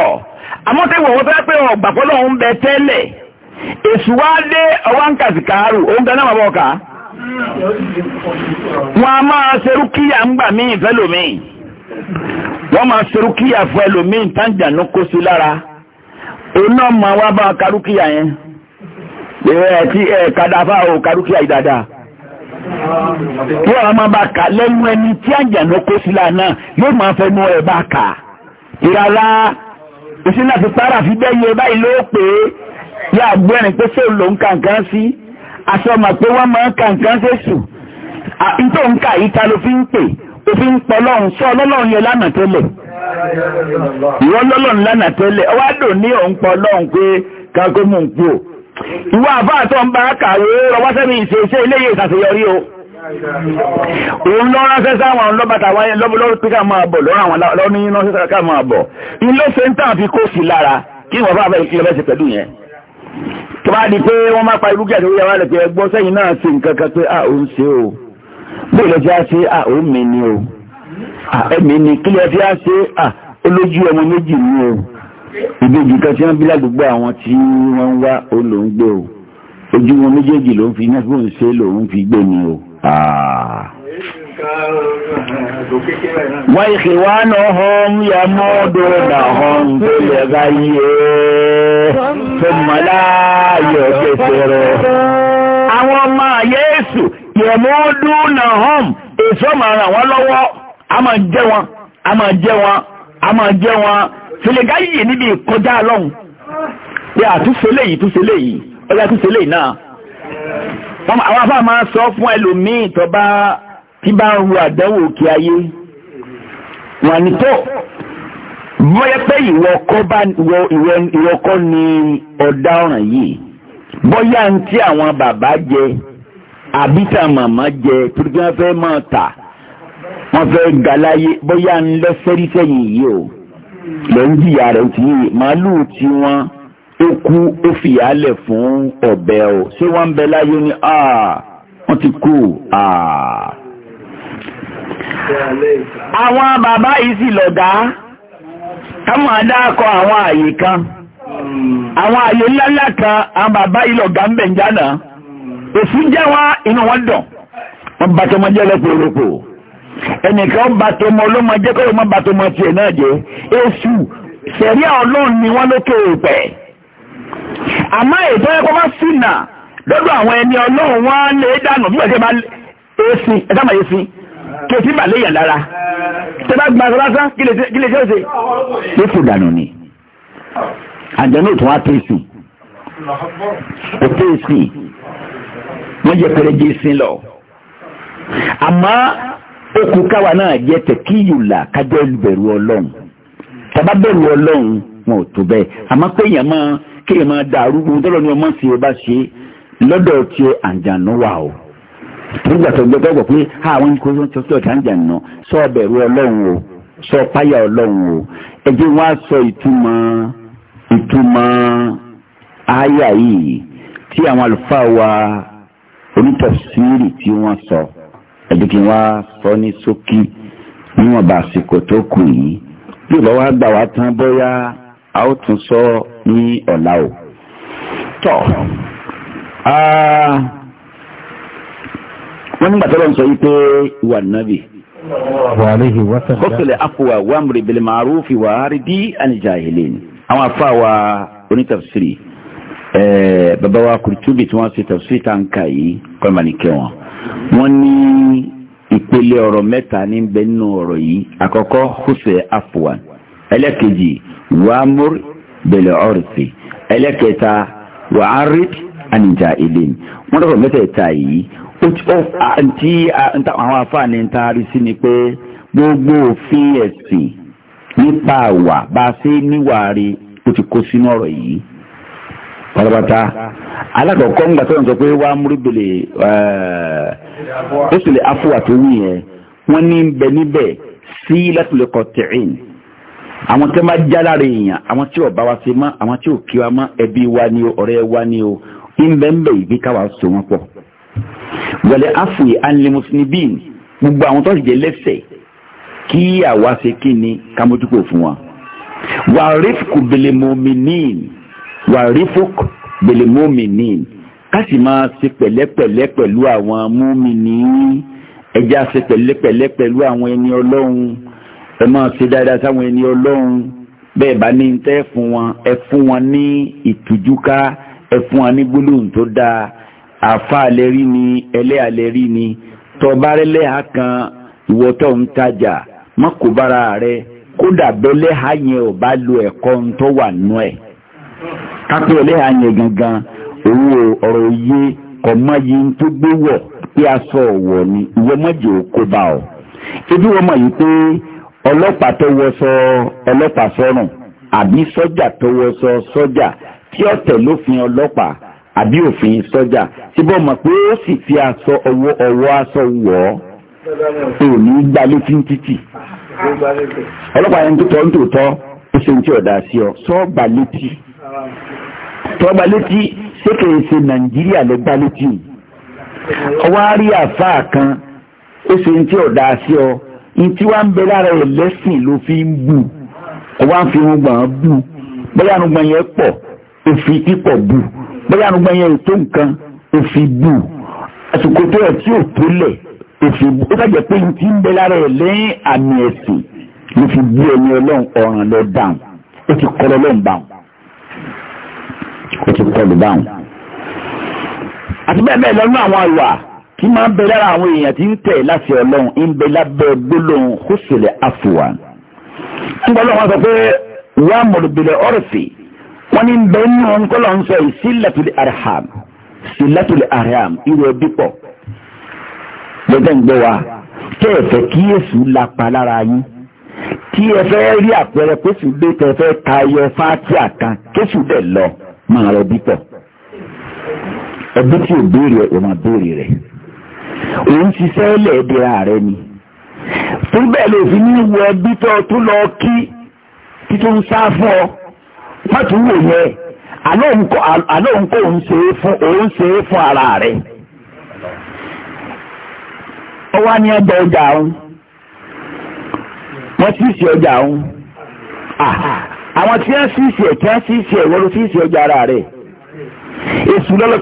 wọ́n a máa ṣerú kíyà ń gbà míì fẹ́lòmíì wọ́n máa ṣerú kíyà fún ẹlòmíì táǹjà ló kó sí lára òun náà máa wá bá karúkíyà yẹn ẹ̀ tí ẹ̀ kàdáfà ò karúkíyà ìdáadáa kí ọ̀rọ̀ máa bá kà lẹ́nu ẹni tí àǹjà ló kó sí lára náà yóò máa fẹnu ẹ̀ bá kà ìrara ìsínà ti para fi bẹ́yẹ báyìí ló pé yá gbẹ́rin pé sóò ló ń kàǹkan sí aṣọ mà wọ́n máa ń kàǹkan sí òfin ń pọ̀ lọ́run sọ ọlọ́run yẹn lánàá tẹ́lẹ̀ ìwọ ọlọ́run lánàá tẹ́lẹ̀ ọwá dùn ní òun pọ̀ lọ́run pé kágó mú un kú o ìwọ àbáà tó ń bá kàwé ọwọ́ sẹ́mi ìṣeṣe iléyè ìṣàṣeyọrí o òun lọ ránṣẹ́ sáwọn ọlọ́bàtà wáyé lọ́bọ̀lọ́rọ̀ pé ká máa bọ̀ lọ́rọ̀ àwọn lọ́ní iná ṣẹ́ṣẹ́ ká máa bọ̀ ilé sẹ́ńtà fi kó sí lára kí wọ́n bá bẹ̀rẹ̀ kílẹ̀ bẹ́sẹ̀ pẹ̀lú yẹn tó bá di pé wọ́n má pa irúgbẹ́ àti orí àwọn bóyá lọ́jọ́ á ṣe à ni o ẹ̀mí ni kí lọ́jọ́ á ṣe à olójú ọmọ méjì ni o ìbejì kan tí wọ́n bí ládùúgbò àwọn tí wọ́n wá ó o ojú wọn méjèèjì ló ń fi iná fún ṣe lòun fi gbé ni o. àwọn ọmọ ayé yẹ̀mọ́dúnàhọ́m èso máa ràn lọ́wọ́ a máa jẹ́ wọn a máa jẹ́ wọn a máa jẹ́ wọn fìlẹ̀gá yìí níbi ìkọjá lọ́hùn pé àtúnṣe léyìí túnṣe yìí ọjà náà àwọn afá máa sọ fún ẹlòmíì tí bá ń ru àdánwò òkè ayé tó bóyá pé ni yìí bóyá ń tí àwọn àbíta màmá jẹ torí kí wọ́n fẹ́ máa tà wọ́n fẹ́ galáyé bóyá ń lẹ́sẹ̀rí yìí o jìyà rẹ̀ ti yìí màálùú tí wọ́n ó kú ó fìyàlẹ̀ fún ọ̀bẹ o ṣé wọ́n ń bẹ láyé ni wọ́n ti kú àwọn bàbá yìí sì lọ̀gá káwọn adáàkọ àwọn àyè kan àwọn àyè ńláńlá kan àwọn bàbá yìí lọ̀gá ń bẹ̀ èsì jẹ́ wá inú wọn dùn wọ́n bá tọmọ jẹ́ lọ́pọ̀lọpọ̀ ẹnìkan bá tọmọ ọlọ́mọ jẹ́ kọ́ ló má bá tọmọ tiẹ̀ náà jẹ́ èsù sẹ̀ríà ọlọ́run ni wọ́n lókè òpẹ́ àmọ́ ètò ẹ̀kọ́ bá sínà lọ́dọ̀ àwọn ẹni ọlọ́run wọ́n á lè dànù bí wọ́n bá èsì ẹ̀dá màá èsì kí èsì bà lára tẹ́ bá gbà lásán kí lè ṣe é ṣe ló fò dànù ni àjọ náà tún wá tẹ̀sì wọ́n yẹ pẹrẹgẹ sin lọ àmọ́ okù káwa náà jẹ tẹkíyùlà kájọ ìbẹ̀rù Ọlọ́run tàbá bẹ̀rù Ọlọ́run wọn ò tó bẹ́ẹ̀ àmọ́ kéèyàn máa kéèyàn máa da arúgbó tọ́lọ́ ni ọmọ sì bá ṣe lọ́dọ̀ tiẹ̀ àǹjànú wà o nígbà tó gbẹ tọgbọ pé àwọn ní kò tó ń àǹjànú sọ bẹ̀rù Ọlọ́run o sọ páyà Ọlọ́run o ẹ jẹ́ á sọ ìtumọ̀ ìtumọ̀ àyà yìí tí àwọn àlùfáà wa onítọ̀síìrì tí wọ́n sọ ẹ̀jẹ̀ kí wọ́n sọ ní ṣókí níwọ̀nba àsìkò tó kù yìí bí ìbá wa gbà wá tán bóyá a ó tún sọ ní ọ̀la o. tọ́ wọ́n nígbà tó lọ́n sọ yìí pé ìwà nàbì. ó sọlẹ̀ àfọwà wàmúrẹ̀ bẹ̀lẹ̀ màrúfì wàhárí dí ànìjà ìhìlẹ̀ àwọn afáwà onítọ̀síìrì. Eh, baba wa kùrìtúbì tí wọ́n ṣe tẹ̀sí táǹkà yìí pẹ̀mánìkẹ́ wọn. ní ìpele ọ̀rọ̀ mẹ́ta ní bẹ nínú ọ̀rọ̀ yìí àkọ́kọ́ húṣẹ́ afuwan ẹlẹ́kejì wàmúr bẹ̀lẹ̀ ọ̀rẹ́sì ẹlẹ́kẹta wàáríd ànìjà ìlẹ̀ wọ́n dọ̀rọ̀ mẹ́tẹ̀ẹ̀ta yìí àwọn afáàní ń taari sí ni pé gbogbo òfin ẹ̀sìn nípa àwà bá a ṣe níwàárí ó ti kó sínú ọ̀rọ̀ yìí pátápátá alákọ̀ọ́kọ́ ńgbà tó ń sọ pé wá múrúbìlì ó sì lè afúwà tó wù yẹn wọ́n ní bẹ níbẹ̀ sí látìlẹ̀ kọ̀tẹ̀ín àwọn tí wọ́n já lára èèyàn àwọn tí ò bá wa ṣe mọ́ àwọn tí ò kí wa mọ́ ẹbí wa ni o ọ̀rẹ́ wa ni o ńbẹ́ ńbẹ́ ìgbé káwa so wọn pọ̀ wẹ̀lẹ̀ afúyè anlemosinibin gbogbo àwọn tó ti jẹ lẹ́sẹ̀ kí àwa ṣe kí ni kámójúkò fún wa wà rífkù bèlè mọ́mìnín wàrífòk bèlè mọ́mìnì ká sì máa ṣe pẹ̀lẹ́pẹ̀lẹ́ pẹ̀lú àwọn mọ́mìnì ẹjẹ́ àṣẹ pẹ̀lẹ́pẹ̀lẹ́ pẹ̀lú àwọn ẹni ọlọ́run ẹ máa ṣe dáadáa sáwọn ẹni ọlọ́run bẹ́ẹ̀ bá ní tẹ́ fún wọn ẹ fún wọn ní ìtújúká ẹ fún wọn ní gbólóhùn tó dáa àfa àlẹ́rí ni ẹlẹ́ àlẹ́rí ni tọ́bárẹ́lẹ́ ha kan ìwọ tó ń tajà má kó bára rẹ kódà bẹ́lẹ́ ha yẹn ò bá lo ẹ̀kọ́ ń tó wà nú ẹ̀ kápẹ́ ẹlẹ́hà yẹn gangan owó ọ̀rọ̀ yé kọ̀mọ́ yìí tó gbé wọ̀ pé aṣọ ọ̀wọ̀ ni ìwọ mọ̀jẹ̀ ò kó bá ọ. ebi wọn mọ̀ yìí pé ọlọ́pàá tó wọṣọ ọlọ́pàá sọ́rùn àbí sọ́jà tó wọṣọ sọ́jà tí ọ̀tẹ̀ lófin ọlọ́pàá àbí òfin sọ́jà tí bọ́ mọ̀ pé ó sì fi aṣọ ọwọ́ ọwọ́ aṣọ wọ̀ ọ́ tó ní gbà létí títì. ọlọ́pàá yẹn tó tọ́ ń tòótọ́ ó ṣe ń tí ọ̀dà sí ọ tọ́gbà létí sékè ṣe nàìjíríà ló gbá létí ọwọ́ àárí àfáà kan ó ṣe ní tí ọ̀dà sí ọ ní tí wàá ń bẹ lára ẹ̀ lẹ́sìn ló fi ń bù ọwọ́ à ń fi irun gbọ̀n bù bóyá irun gbọ̀n yẹn pọ̀ òfin pípọ̀ bù bóyá irun gbọ̀n yẹn tó nǹkan òfin bù àsìkò tó ẹ̀ tí ò tó lẹ̀ òfin bù ó dàgbẹ́ pé ní tí ń bẹ lára ẹ̀ lẹ́yìn àmì ẹ̀sìn ló fi bú ẹni ọlọ́run ọ̀ràn lọ dáhùn ó ti kọ́ lọ́lọ́run ó ti kọlù báwọn àti bẹ́ẹ̀ bẹ́ẹ̀ lọ́nà àwọn àlùwà kí máa ń bẹ lára àwọn èèyàn tí ń tẹ̀ láti ọlọ́run ń bẹ lábẹ́ gbólóhùn húsùlẹ̀ àfùwà nígbà lọ́wọ́ sọ pé wà mọ̀lùbìlẹ̀ ọ̀rọ̀sì wọ́n ní bẹ́ẹ̀ ní wọn kọ́ lọ́n sọ ìsílẹ̀tùlẹ̀ arham ìsílẹ̀tùlẹ̀ arham ìwé ẹbí pọ̀ lọ́jọ́ ń gbé wa kí ẹ fẹ́ kí èsù lapa lára yín kí ẹ fẹ́ rí àpẹẹrẹ pé sùn tẹ fẹ́ tayọ fáátì àkàn kéṣù dẹ̀ lọ máa rẹ bí pọ̀ ẹbí tí ò béèrè ẹ̀ wọ́n béèrè rẹ̀ òun ṣiṣẹ́ lẹ́ẹ̀dẹ̀ ààrẹ ni tó bẹ́ẹ̀ lè fi ní wọ ẹbí tó tó lọ kí kí tó ń sá fún ọ má tún wò yẹ àlóhùn kò ń ṣe é fún òun ṣe é fún ara rẹ̀ ó wá ní ẹgbẹ́ ọjà òun wọ́n sì ṣe ọjà òun àwọn tí wọ́n sì ṣe tí sì ṣe ìwọ́n ló sì ṣe ọjà ara rẹ̀ èsù lọ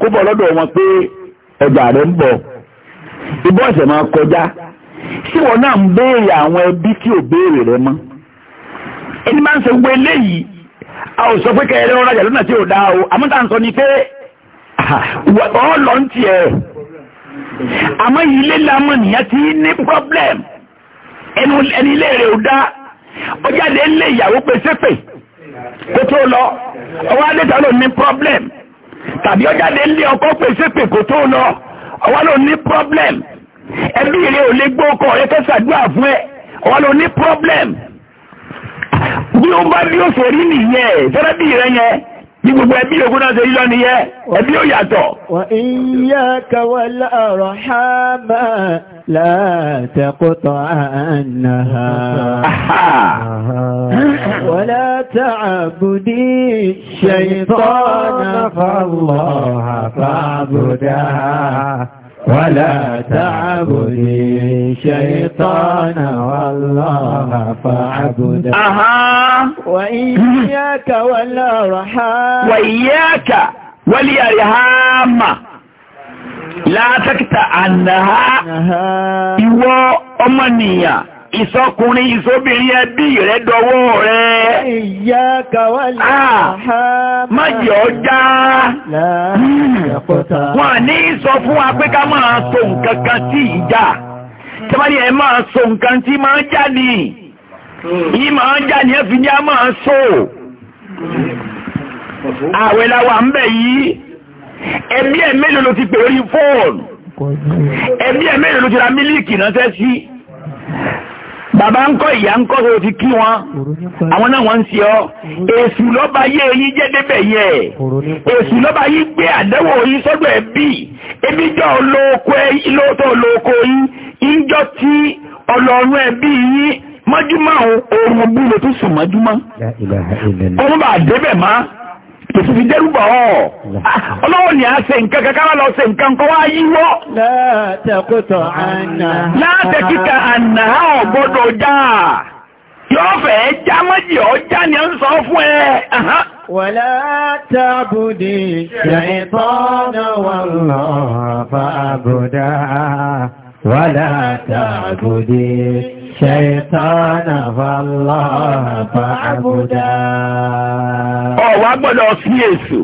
kó bọ̀ lọ́dọ̀ wọn pé ọjà rẹ̀ ń bọ̀ ibú ọ̀sẹ̀ máa kọjá sí wọn náà ń béèrè àwọn ẹbí tí ò béèrè rẹ mọ́ ẹni máa ń sọ gbogbo a ò sọ pé kẹrẹ ọ̀rọ̀ ajá lọ́nà tí ò dáa o àmọ́ ń sọ ni pé ọ̀ lọ ń tiẹ̀ àmọ́ ti ní problem ẹni ilé ó jáde ńlé ìyàwó pé sépè kó tó lọ ọwọ́ adéta ló ní problem tàbí ó jáde ńlé ọkọ pé sépè kó tó lọ ọwọ́ ló ní problem ẹbí rẹ ò lè gbọ́ ọkọ rẹ kẹsàdúrà fún ẹ ọwọ́ ló ní problem bí ó bá bí ó ṣe rí nìyẹn tẹ́lẹ̀ rẹ yẹn ní gbogbo ẹbí ogun náà ṣe yílọ nìyẹ ẹbí ó yàtọ̀. wà ìyá kawàlá ọ̀rọ̀ hábà látẹ̀kọ́tọ̀ àánà wọ́lá tààbùdí ṣe ìtọ́ náà fàlọ́ ولا تعبدي شيطان والله فاعبد أها وإياك والأرحام وإياك والأرحام لا تكتأنها إيوه أمنية ìsọkùnrin ìsóbìnrin ẹbí rẹ̀ dọwọ́ rẹ̀. Ìyá kàwálẹ̀ àhá. Má jẹ́ ọjá. Wọ́n ní sọ fún wa pé ká máa so nǹkan kan tí ìjà. Tẹ́bárí ẹ máa so nǹkan tí máa já ní. Yí máa já ní ẹ fi ní a máa so. Àwẹ̀ la ń bẹ̀ yìí. Ẹbí ẹ̀ mélòó ló ti pè orí fóònù? Ẹbí ẹ̀ mélòó ló ti ra mílíìkì náà sẹ́ sí? bàbá ń kọ́ ìyá ń kọ́ tó ti kí wọn àwọn náà wọ́n ń ṣe ọ́ èṣù lọ́ba yé eyín jẹ́ débẹ̀ yẹ èṣù lọ́ba yí gbé àdẹ́wò yín sọ́dọ̀ ẹ̀ bí ebi jọ olóko lóòótọ́ olóko yín ìjọ tí ọlọ́run ẹ̀ bí mọ́júmọ́ òun òun bú tún sùn mọ́júmọ́ òun bà débẹ̀ máa tòsí fi dẹ́rùbà ọ́ ah, ọlọ́wọ́ ni a ṣe nǹkan kankan lọ ṣe nǹkan kọ́ wá yíwọ́ látẹ̀kítà àná ọ̀gbọ́dọ̀ já yóò fẹ́ já mọ́jì ọjá ni a ń sọ fún ẹ wàlá tàbùdì ṣàìtọ́nà wọn lọ fàbùdà ṣẹ̀tánà fàlọ́hà fàábùdá. Ọ̀wá gbọ́dọ̀ sí èṣù,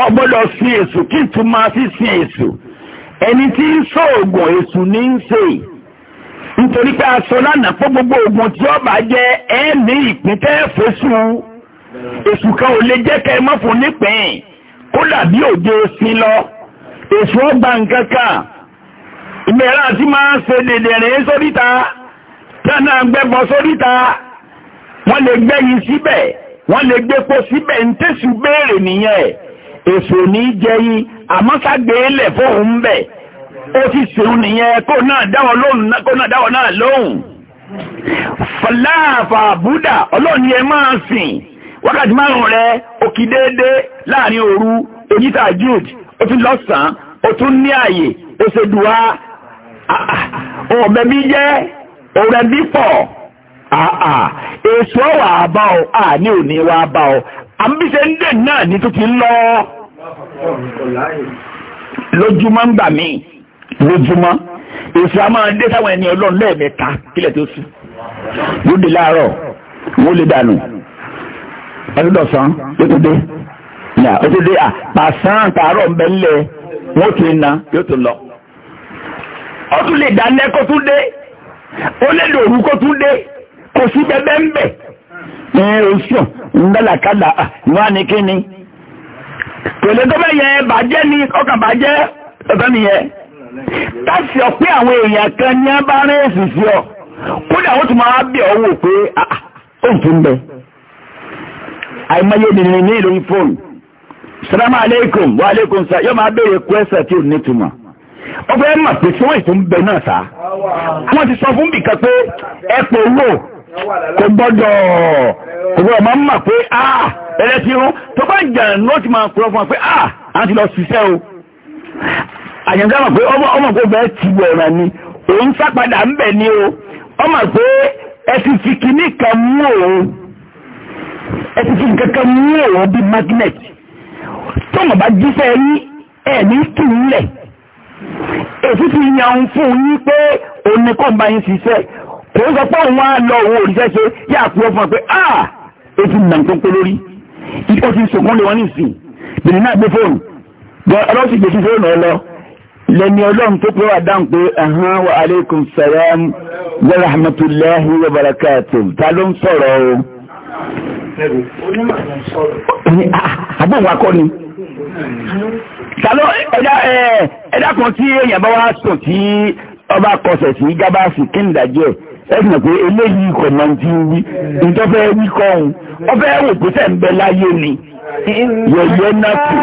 ọ gbọ́dọ̀ sí èṣù kí tún máa sí sí èṣù. Ẹni tí ń sọ ògùn èṣù ní ń ṣe. Nítorí pé aṣọ lánàá fún gbogbo ògùn tí ó bá jẹ́ ẹ̀mí ìpíntẹ́ fẹ́sù. Èṣù kan ò lè jẹ́ kẹ́ mọ́ fún nípìn. Kó dàbí òde sí lọ. Èṣù ọgbà nǹkan kan. Ìmẹ̀rá ti máa ń ṣe dèdèrè sóríta. So tánà gbẹ́bọ sóríta wọ́n lè gbẹ́yìn síbẹ̀ wọ́n lè gbépo síbẹ̀ ń tẹ̀sù béèrè nìyẹn èsò ní jẹyìn àmọ́ságbéélẹ̀ e fóun bẹ̀ ó ti sèun nìyẹn kó náà dáwọ́ lóhùn kó náà dáwọ́ náà lóhùn fàlàfà búdà ọlọ́ọ̀ni ẹ máa sìn wákàtí márùn rẹ òkì déédé láàrin òru ojútà jude ó tún lọ́sàn-án ó tún ní àyè ó ṣe dùá ah, ah, ọ̀bẹ jẹ́ already for ah ah esu wa ba o ah ni o ni wa ba o ambise nde na ni to ti lo lojuma ngba mi lojuma esu ama de sa won ni olodun le meta kile to si yo de laaro le danu en do san de na otu de a pasan san ta nbe nle won ti na yo to lo o le dan ko tun de ó lè òru kó tún dé kò sí bẹ́bẹ́ ń bẹ̀ ẹ oṣù ńdálàkadà wà ní tó bàjẹ́ ni ọkàn bàjẹ́ ọ̀tọ́ nìyẹn ọ pé àwọn èèyàn kan ní bá rẹ̀ èsì sí ọ ó tún máa bẹ̀ ọ pé ó ń tún bẹ àìmọye ènìyàn ní ìlú fóònù sàrámà aleikum wa aleikum sa yóò máa béèrè kú ẹsẹ̀ tí ò wọ́n ti sọ fún bìkan pé ẹ̀pọ̀ owó kò gbọ́dọ̀ ọ̀gbọ́n ọmọ mọ̀ pé ah ẹlẹ́tí rún tó bá jẹ̀rẹ̀ ló ti máa kúrọ fún pé ah a ti lọ ṣiṣẹ́ o àyànjá pé ọmọ kò bẹ́ẹ̀ ti wẹ̀rẹ̀ ni òun sápadà ń bẹ̀ ni o ọmọ pé ẹ̀sìn ti kìíní kan mú òun ẹ̀sìn ti kankan mú òun bí magnet tó mọ̀ bá jíṣẹ́ yín ẹ̀ ní kìí èsì ti yàn fún yín pé òun ni kọ́ńbà yín ṣiṣẹ́ kò ń sọ pé òun á lọ owó òrìṣẹ́ ṣe yí àpò ọ̀fun pé a ah! èsì nà ń tó ń pé lórí ó ti sòkún lé wọn ní ìsìn bìnnì náà gbé fóònù ọlọ́run sì gbé sí fóònù ọ lọ ọlọ́run tó pé wà dáhùn pé ahán wa aleykum salam wa rahmatulahi wa barakatuh ta ló ń sọ̀rọ̀ o. àbúrò wa tàló ẹ̀dá kan tí èèyàn bá wá sọ tí ọba kọsẹ̀ sí gábàásì kí nìdájẹ́ ẹ̀sìn pé eléyìí kò mọ̀ tí ń wí ìjọfẹ́ wí kọ́hun ọbẹ̀ wò kó tẹ̀ ń bẹ láyé ni yẹ̀yẹ́ náà kù.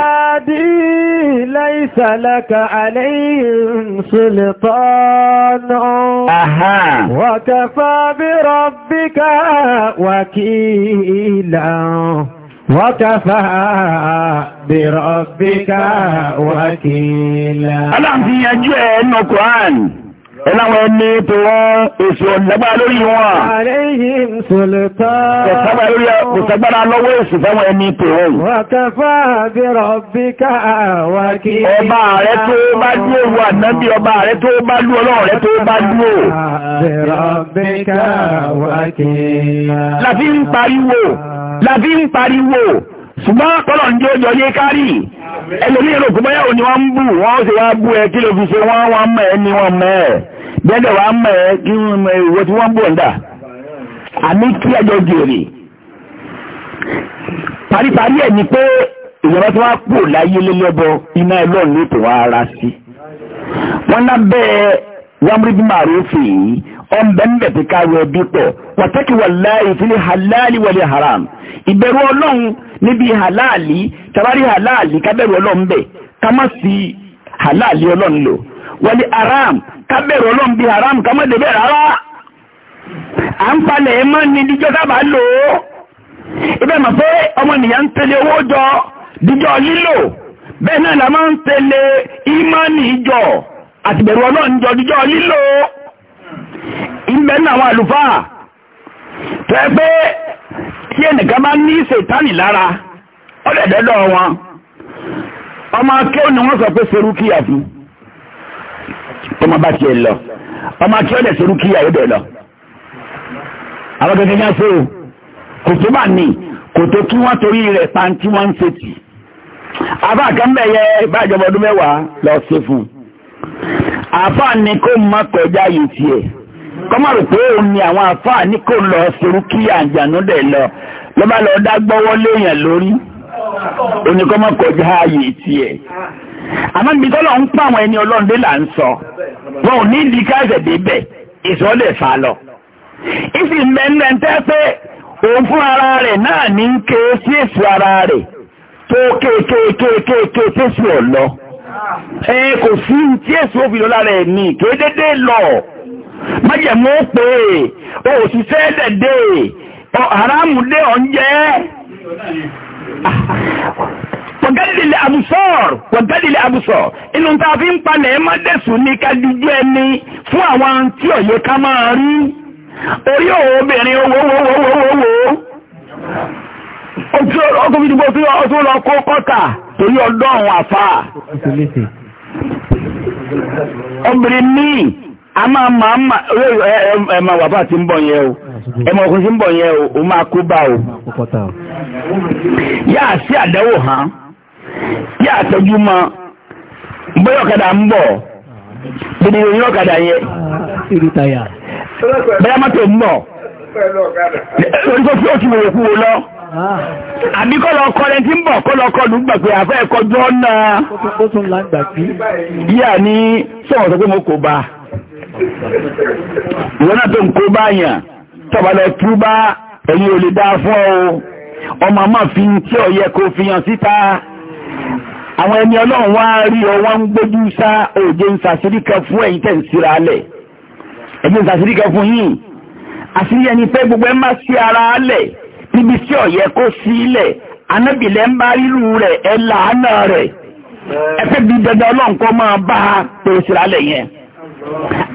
وكفى بربك وكيلا Ọlọ́run ti yanjú ẹ̀ nínú Kùrán. Ẹláwọn ẹni tó wọ́n èṣù ọ̀lẹ́gbà lórí wọn. Àríyìn sùlùtọ́. Kòsàgbára lọ́wọ́ èṣù fẹ́wọn ẹni tó wọ́n. Wàkàfà bí rọ̀bíkà wà Ọba rẹ̀ tó bá dúó wà láti ń pariwo ṣùgbọ́n pọ́lọ̀ ń jẹ́ ọjọ́ yé kárì ẹlòmí èrò kò báyàwó ni wọ́n ń bù wọ́n sì wá bú ẹ kí ló fi ṣe wọ́n wọ́n mọ̀ ní wọ́n mọ̀ ẹ́ bẹ́ẹ̀ wọ́n mọ̀ ẹ́ kí ìwọ tí wọ́n bù àmì kí ẹjọ́ gèrè paríparí ẹ̀ ni pé ìjọba tí wọ́n ọ̀nbẹ̀nbẹ̀ ti káwọ ẹbí pọ̀ wàtẹ́kì wà láì fi ní halali wọlé haram ìbẹ̀rù ọlọ́run níbi halali tàbárí halali kábẹ̀rù ọlọ́run bẹ̀ ká sí halali ọlọ́run lò wọlé haram kábẹ̀rù ọlọ́run bí haram ká má débẹ̀ rárá à ń palẹ̀ ẹ mọ́ ní díjọ́ tábà lò ó ibẹ̀ mọ̀ pé ọmọnìyàn ń tẹ̀lé owó jọ díjọ́ lílò bẹ́ẹ̀ náà la máa ń tẹ̀lé ìmánì jọ àtìbẹ̀rù ọlọ́run jọ díjọ́ lílò ìbẹ̀ ní àwọn àlùfáà tó ẹ pé tí ẹnìkan bá ní ṣètánì lára ọlẹ́dẹ́dọ̀ wọn ọmọ akẹ́ ni wọ́n sọ pé serúkìyà fún ọmọ bá tiẹ̀ lọ ọmọ akẹ́ ọ̀dẹ̀ serúkìyà ó dẹ̀ lọ àwọn kẹkẹ ní aṣọ kò tó bá ní kò tó kí wọ́n torí rẹ̀ pàǹtí wọ́n ń ṣètì àbá àkànbẹ̀ yẹ ìbájọba ọdún mẹ́wàá lọ sí fún àbá ní kó má kọjá yìí tiẹ̀ kọ́mọ̀ rò pé òun ni àwọn àfáà ní kò lọ sorú kí àjànú dẹ̀ lọ ló bá lọ dá gbọ́wọ́ léèyàn lórí oníkọ́mọ̀ kọjá ààyè tiẹ̀ àmọ́ níbi tọ́lọ̀ ń pa àwọn ẹni ọlọ́run là ń sọ wọn ò ní ìdí káṣẹ̀ débẹ̀ ìsọ́lẹ̀ fà lọ ìsì mẹ́lẹ̀ ń pé òun fún ara rẹ̀ náà ní ń ké sí èsù ara rẹ̀ tó kéèkéèkéèkéèké tẹ́sù ọ̀lọ́ ẹ kò sí tí èsù òfin lọ́la rẹ̀ ní kéédédé lọ májẹ̀mú pé òṣìṣẹ́ dẹ̀dẹ̀ haramu dé ọ̀njẹ́ wọ̀gẹ́dìlẹ̀ àbùsọ̀r wọ̀gẹ́dìlẹ̀ àbùsọ̀r inú ta fi ń palẹ̀ mọ́dẹ̀sù ní kájújú ẹni fún àwọn tí òye ká máa rí orí obìnrin owówówówówówó ọkùnrin ìdìbò tí ó tún lọ a ma e, e, e, ma ẹ ma ti ń bọ̀ o ẹ ma ọkùnrin ti ń bọ̀ o o máa bá o yáà sí hàn yáà tọ́jú bóyá ọ̀kadà ń bọ̀ ìròyìn ọ̀kadà bóyá ń bọ̀ orí tó fi ó ti wòye kú wo lọ àbí ń bọ̀ àfẹ́ ẹ̀kọ́ jọ́ náà ìwọ́n náà tó ń kó báyàn tọ́balẹ̀ tú bá ẹ̀yìn ò lè dáa fún ọ ọmọ máa fi tí ó yẹ kó fi hàn síta àwọn ẹni ọlọ́run wá rí ọ wá ń gbójú sá òjé ń sàṣíríkẹ fún ẹ̀yìn tẹ̀ ń síra lẹ̀ ẹ̀yìn sàṣíríkẹ fún yìí àṣírí ẹni pé gbogbo ẹ má sí ara lẹ̀ níbi tí ó yẹ kó sí lẹ̀ anábìlẹ̀ ń bá rírù rẹ̀ ẹ làánà rẹ̀ ẹ fẹ́ bí dandan ọlọ́run kọ́ máa bá a pèsè lálẹ́ yẹn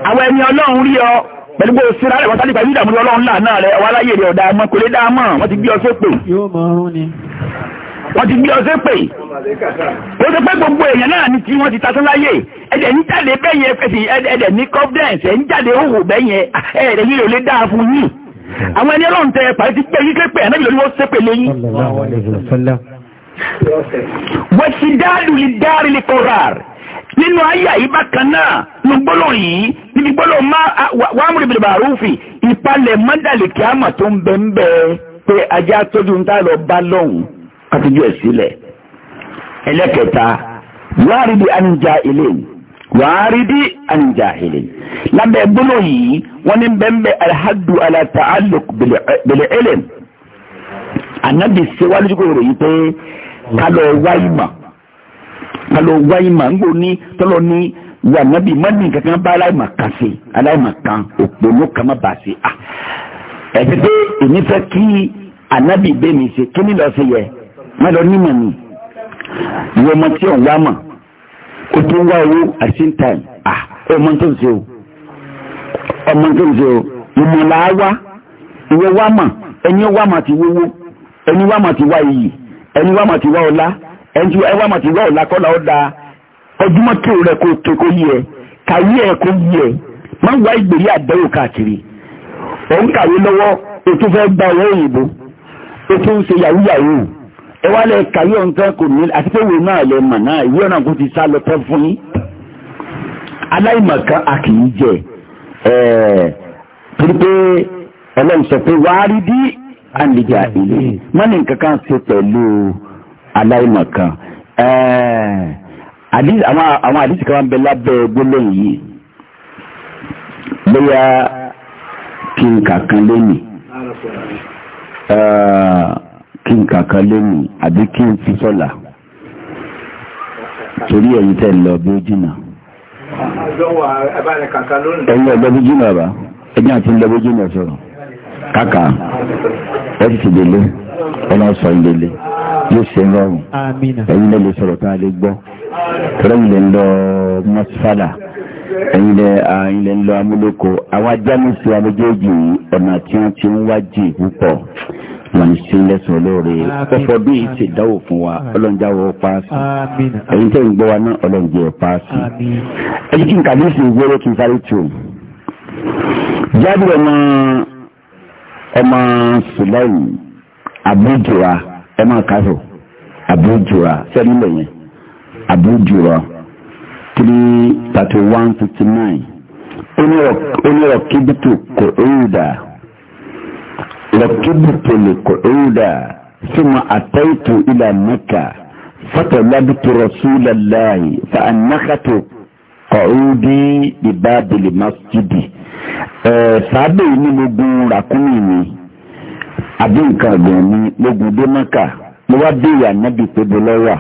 àwọn ẹni ọlọ́run rí ọ pẹ̀lú gbogbo síra rẹ̀ wọ́tálì pẹ̀lú ìdàmúrí ọlọ́run láàánà rẹ̀ ọwọ́ aláyè rẹ̀ ọ̀dà mọ́ kò lè dá mọ́ wọ́n ti gbé ọ sépè wọ́n ti gbé ọ sépè ó ti pé gbogbo èèyàn náà ni tí wọ́n ti tasán láyè ẹ̀dẹ̀ ń jáde bẹ́yẹn fẹ̀sì ẹ̀dẹ̀ ní confidence ẹ̀ ń jáde òwò bẹ́yẹn ẹ̀rẹ̀ yìí ò lè dáa fún yìí àwọn ẹni ọlọ́run tẹ pàrí ti pé yíké pé ẹ̀nẹ́bì lórí wọ́n sépè lẹ́yìn wọ́n ti dáàlù lè dáàrí lè kọ̀ọ̀rọ̀ nínú ayé àyíbá kan náà ní gbólóhùn yìí níbi gbólóhùn wà múrí bìrìbà rúfì ìpalẹ̀ mọ́dàlì kíámà tó ń bẹ ń bẹ pé ajá tójú ń tá lọ bá lọ́hùn àtijú ẹ̀ sílẹ̀ ẹlẹ́kẹta wárìdí ànjà ilé wárìdí ànjà ilé lábẹ́ gbólóhùn yìí wọ́n ní bẹ́ẹ̀ alhadu ala ta'alluq bil ilm ànábì ṣe wájú kò rò yìí pé ká lọ ká lọ wá ìmọ̀ ń gbò ní tọ́lọ ní wà nábì mọ́nì kankan bá aláìmọ̀ kan sí aláìmọ̀ kan òpònú kan má bàa sí. ẹ̀sìn pé èmi fẹ́ kí ànábì bẹ́ẹ̀ mi ṣe kí ni lọ́ọ́ sí yẹ má lọ nímọ̀ ni ìwọ ọmọ tí ò ń wá mọ̀ o tó wá owó at the same time ọmọ tó ń ṣe o ọmọ tó ń ṣe o ìmọ̀lá wá ìwọ wá mọ̀ ẹni wá mọ̀ ti wówó ẹni wá mọ̀ ti wá iyì ẹni wá mọ̀ ti wá ọlá ẹnjú ẹwà màtí wọ́ọ̀ lakọ́lá ó da ọdúnmọ́ tó rẹ̀ kó tó kó yẹ kàwé ẹ̀ kó yẹ má wá ìgbèrè àdẹ́wò káàkiri òun kàwé lọ́wọ́ o tún fẹ́ gba ọwọ́ òyìnbó o tún ṣe yahoo yahoo ẹ wá lẹ kàwé ọ̀hún tán kò ní àti pé wo náà lẹ mà náà ìwé ọ̀nà kò ti sá lọ tán fún yín aláìmọ̀kan a kì í jẹ ẹ̀ẹ́ torí pé ọlọ́run sọ pé wàá rí dí àlejò àìlè má nǹkan kan ṣe pẹ̀lú aláìmọ̀ kan àwọn àdísì kan wọ́n bẹ lábẹ́ gbólóhùn yìí bóyá kí n kàkan lónìí kí n kàkan lónìí àbí kí n fi sọ́la torí ẹ̀yìn tẹ́ lọ bí ó jìnà ẹ̀yìn ọ̀lọ́ bí jìnà bá ẹ̀yìn àti ńlọ bí jìnà sọ̀rọ̀ kàkà ẹ̀ sì ti délé ọlọ́sọ ìlélẹ̀ yóò ṣe rọrùn ẹ̀yin lè lè sọ̀rọ̀ tá a lè gbọ́ rẹ́yìn lè lọ mọ́sálà ẹ̀yin lè ẹ̀yin lè lọ amúlòkọ àwọn ajámùsí wa méjèèjì ọ̀nà tí wọ́n ti ń wá jì púpọ̀ wọn ni sí lẹ́sọ̀ lóore ọ̀fọ̀ bí i ṣe dáwò fún wa ọlọ́njà wọ paasi ẹ̀yin tẹ́ ń gbọ́ wa náà ọlọ́njà wọ paasi ẹ̀yin kí n kàdé sí ìgbéró kí n sáré tù jáde ọmọ ọmọ sùlẹ́yìn àbújùra ẹ máa kásò àbújùra sẹ́ni lè yẹn àbújùra three thirty one fifty nine onírọ̀kíbìtì kò óyùdà rọ̀kíbìtì lè kò óyùdà súnmọ́ àtẹ́yìtò ilà mẹ́ka fọ́tọ̀lábìtì rọ̀súlẹ̀láì fàánàkàtò kọ̀ọ́dí ìbábìlì masjidi ẹ̀ẹ́dẹ́gbẹ̀rún ní mo gun ràkúnmí mi àbí nǹkan ọ̀gbìn mi lógun dé mọ́kà mo wá béèrè ànábì pé bo lọ́wà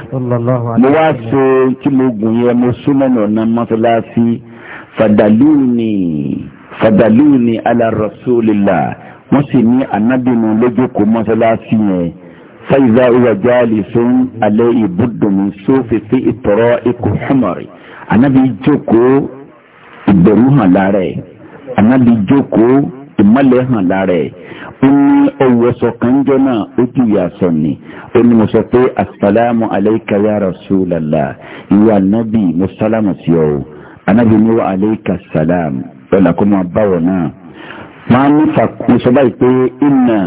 mo wá so kí mo gùn yẹn mo súnmọ́nà ọ̀nà mọ́sálásí fàdàlúùnì fàdàlúùnì ala rasulillah wọ́n sì ní ànábì nu lójókòó mọ́sálásí yẹn fàyíza ìwà jáàlì fún alẹ́ ìbúdùnmí sófìfì ìtọ́rọ́ ikú hùmọ̀rì ànábì jókòó ìbẹ̀rù hàn lára ẹ̀ ànábì jókòó ìmọ̀lẹ̀ hàn lára ẹ̀ ní ọwọ́sọ kanjọ́ náà ó ti yà sọ ni ó ní mo sọ pé asalaamu alayka ya rasulallah ìwà nabi mo sálámù sí ọ o anabi ni wa alayka salam ọ̀là kó máa báwọ̀ náà máa ní fàkóso báyìí pé inna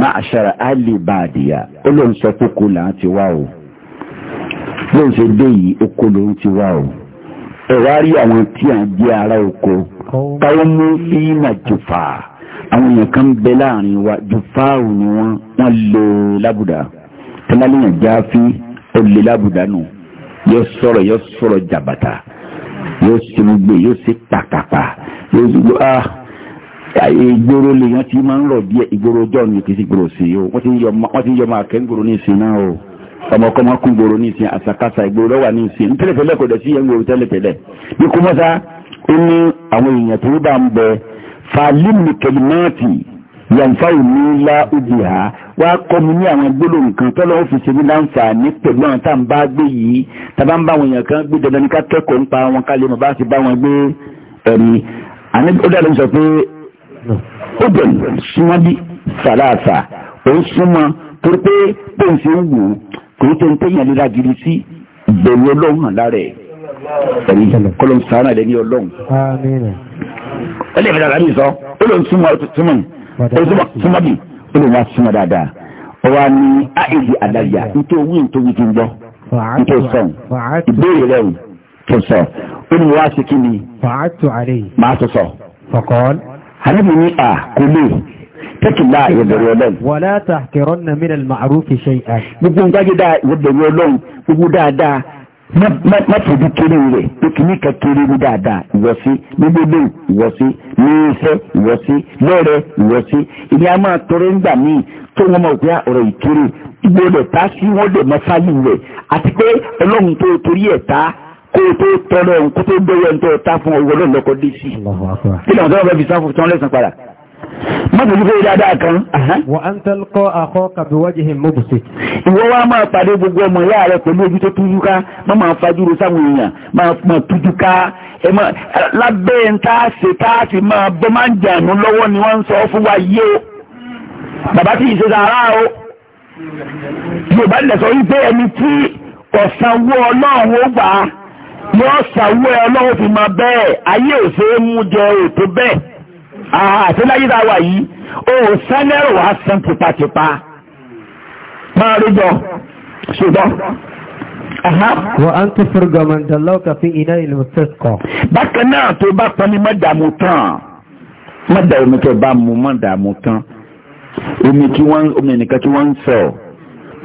ma'ashara ali badiya ó lóun sọ pé kò là ń ti wá o lóun ṣe dé yìí ó kó lóun ti wá o ẹ̀wá rí àwọn tí à ń jẹ́ ara oko káwọn mú fíìmà jùfà àwọn èèyàn kan bẹ láàrin wa jùfáàrù ni wọ́n wọ́n lè lábùdá tẹ́láléyàn jáfí ó lè lábùdá nù yóò sọ̀rọ̀ yóò sọ̀rọ̀ jàbàtà yóò ṣe gbogbo yóò ṣe pàkàpà yóò ṣe gbogbo ah ìgboro lèèyàn ti máa ń rọ̀ díẹ̀ ìgboro ọjọ́ ni kì í sì gbòòrò sí i o wọ́n ti yọ máa kẹ́ ń gbòòrò ní ìsìn o ọmọkọ́mọ kún gbòòrò ní ìsìn àsàkásà ìgboro lọ́wà ní ìsìn tẹ́lẹ̀tẹ́lẹ̀ kò dẹ̀ yẹn gbòòrò tẹ́lẹ̀tẹ́lẹ̀ bí kò ó ní àwọn èèyàn tó bá ń bẹ fàlímù kẹlìmọ́ọ̀tì yànfàì ní ilá ubì wa wá kọ́ mi ní àwọn gbólóhùn kan tọ́lọ́ fi ṣe ní láǹfààní pẹ̀lú àwọn tá à ń bá gbé yìí tàbá ń bá àwọn èèyàn kan gbé dandan ní ká kẹ́kọ̀ọ́ nípa wọn ká lè mọ̀ bá ti wọn gbé ẹ̀mí ó dàbí sọ pé ó bẹ̀rẹ̀ súnmọ́bí sàlàsà ó ń súnmọ́ torí pé bóun ṣe ń wò kò ní tẹ́ ń tẹ́yìn àlera gidi sí ìbẹ̀rù ọlọ́run àlá rẹ̀ ẹ̀yìn ẹlẹ́yìn fẹ́ dáadáa mi sọ ó ló ń súnmọ́ súnmọ́ ó súnmọ́ súnmọ́ bì ó ló ń wá súnmọ́ dáadáa ó wá ní àìdí àdáyà nítorí owó nítorí ti ń gbọ́ nítorí sọ ìbéèrè rẹ̀ ò tó sọ ó ní wá sí kí ni máa tó sọ. àlejò ní à kò lè tẹ́kì láà ìbẹ̀rù ọlọ́run. wàlá tàkìrọ́nà mí mọ́tòdú kéré rẹ̀ pé kìíní kan kéré ní dáadáa ìwọ́sí gbogbo ìwọ́sí ní ìwọ́sí lọ́rẹ̀ ìwọ́sí ìní a máa tọrọ ńgbà míì tó wọ́n mọ̀ pé ọ̀rọ̀ ìkéré ìgbò rẹ̀ tá sí wọ́n dẹ̀ mọ́ fáyì rẹ̀ àti pé ọlọ́run tó torí ẹ̀ tá kó o tó tọrọ ẹ̀ kó tó gbé ẹ̀ ń tọ́ ta fún ọwọ́ lọ́lọ́kọ́ dé sí. kí lóun tó wọ́n fẹ́ fi sáfù tán lẹ́sàn padà mọ́tòjúkọ́ ìdáadáa kan. wà á ń tẹ́lkọ́ àkọ́ kàbíwájì hìn mọ́bùsì. ìwọ wa máa pàdé gbogbo ọmọ ìyá rẹ pẹ̀lú ojú tó tújú ká má máa fajúro sáwọn èèyàn máa tújú ká lábẹ́ ń tá a ṣe tá a sì máa bọ́ máa ń jànú lọ́wọ́ ni wọ́n ń sọ fún wa yé o bàbá tí ìṣe sàárà o yorùbá nílẹ̀ sọ wípé ẹni tí ọ̀sánwó ọlọ́run ó gbà yóò sàwó ẹ ọlọ́run fi máa bẹ́ẹ̀ ayé òṣèré mú jọ ètò bẹ́ẹ̀ Ah, àtúnláyé tá a yìí o ò sẹ́nẹ́rù wá sán tipatipa máa rí jọ ṣùgbọ́n. Wọ́n á ń tún fún gọ̀mọ̀dà lọ́kà fún iná ìlú Sẹ́kọ̀. Bákan náà tó bá pọn ní mọ́dàmú tán, mọ́dàmú tó bá mú mọ́dàmú tán, omi kí wọ́n omi nìkan kí wọ́n ń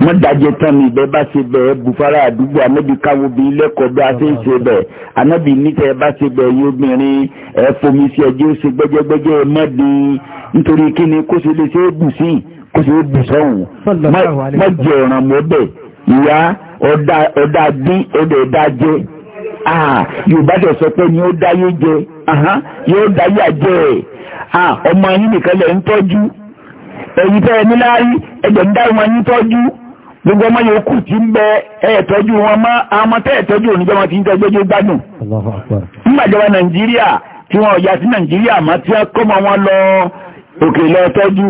mọ́dájẹ́ tán mi bẹ́ẹ̀ bá ṣe bẹ́ẹ̀ bufara àdúgbò anábì káwo bíi lẹ́kọ̀ọ́ bí a ṣe ń ṣe bẹ́ẹ̀ anábì níta ẹ bá ṣe bẹ́ẹ̀ yóò bìnrin ẹ fomi sí ẹjẹ́ ó ṣe ẹ nítorí kí ni kó ṣe lè ṣe é bù sí kó ṣe é bù sọ́hùn jẹ ọ̀ràn ìyá ọmọ gbogbo ọmọ yòókù tí ń bẹ ẹ̀ẹ̀tọ́jú wọn mọ́ àmọ́ tẹ́ẹ̀tọ́jú oníjọba ti ń tọ́jú gbádùn nígbàjọba nàìjíríà tí wọn ọ̀yà sí nàìjíríà mọ́ tí wọ́n kọ́mọ wọn lọ òkè lọ tọ́jú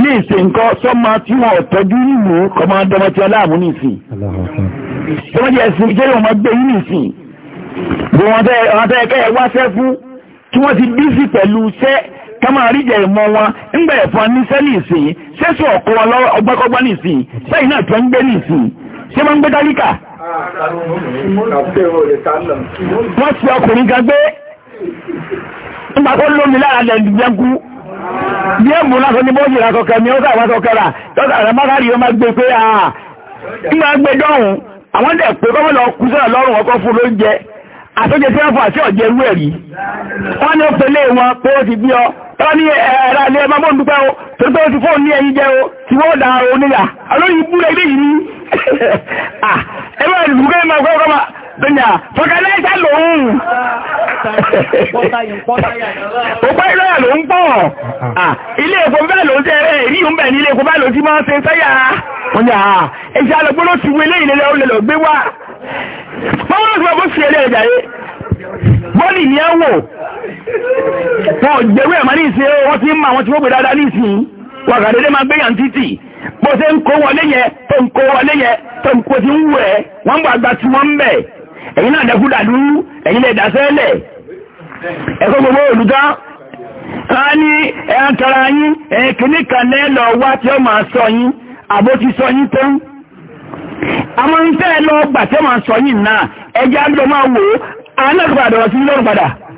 ní ìsìn nǹkan sọ́mọ tí wọn ọ̀tọ́jú nínú kọ́mọ dọmọ tí aláàmú nìsín tọ́mọdé ẹ̀sìn ìṣẹ́ yóò máa gbé yín nìsín gbogbo wọn tẹ́ ẹ̀kẹ́ ẹ̀ wáṣẹ́ fún tí wọ́n ti bí sí pẹ̀lú iṣẹ́ Kama máa rí jẹ ìmọ̀ wọn ńgbà ẹ̀fọn níṣẹ́ ní ìsìn ṣéṣù ọ̀kọ́ wọn lọ́wọ́ ọgbẹ́kọ́gbọ́ ní ìsìn sẹ́yìn náà tó ń gbé ní ìsìn ṣé máa ń gbé dáríkà. wọ́n ti ọkùnrin kan gbé nígbà tó lómi lára lẹ́gbẹ̀ẹ́kú bí ẹ̀mú lásán ní bọ́ọ̀dì ìrakọ̀kẹ́ mi ó sà wá sọkẹ́ra lọ́sà rẹ̀ máa rí ọmọ gbé pé àà ńgbà gbé dọ́hùn àwọn dẹ̀ pé kọ́mọ́ lọ kú sọ́rọ̀ lọ́rùn ọkọ̀ fún lóúnjẹ àtọ́jẹ tí wọ́n fà sí ọ̀jẹ̀ rú ẹ̀rí wọ́n ní ó fẹ́lẹ́ wọn pé ó ti bí ọ tọ́ni ẹ̀rọ ni ẹ máa bọ́ dúpẹ́ o tó tó ti fóònù ní ẹ̀yìn jẹ́ o tí wọ́n dà o níyà alóyìn búrẹ́ ilé yìí ní ẹgbẹ́ ìlúgbẹ́ ìmọ̀ ọgọ́gọ́ dọ́nyà fọ́kànláìsà lòun ọgbà ìlọ́yà ló wọn gbẹ̀wé ẹ̀mọ́ ní ìṣe wọ́n ti ń ma wọn tí wọ́n gbé dáadáa ní ìsìn wà gàdédé máa gbéyàn títì ń kó wọlé yẹ tó ń kó wọlé yẹ tó ń kó ti ń wù wọ́n gbà gba tí wọ́n bẹ̀ ẹ̀yin náà dẹ́kú dàdú lè dà sẹ́lẹ̀ ẹ̀kọ́ gbogbo olùdá ní yín kan wá tí ó máa sọ yín ti sọ yín tán àwọn ń lọ gbà tí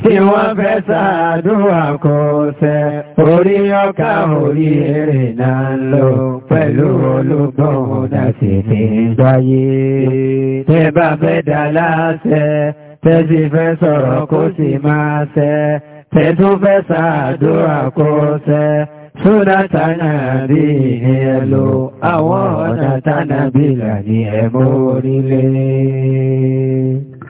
tí wọ́n fẹ́ sàádùwà kò ṣẹ orí ọkà orí èrè náà lọ pẹ̀lú olùgbọ́n dàsí ní gbáyé tẹ́ bá fẹ́ dà láṣẹ tẹ́ sì fẹ́ sọ̀rọ̀ kó sì máa ṣẹ tẹ́ tún fẹ́ sàádùwà kò ṣẹ Súnà tánà ní ẹlò, àwọn ọ̀nà tánà bí là ní ẹmọ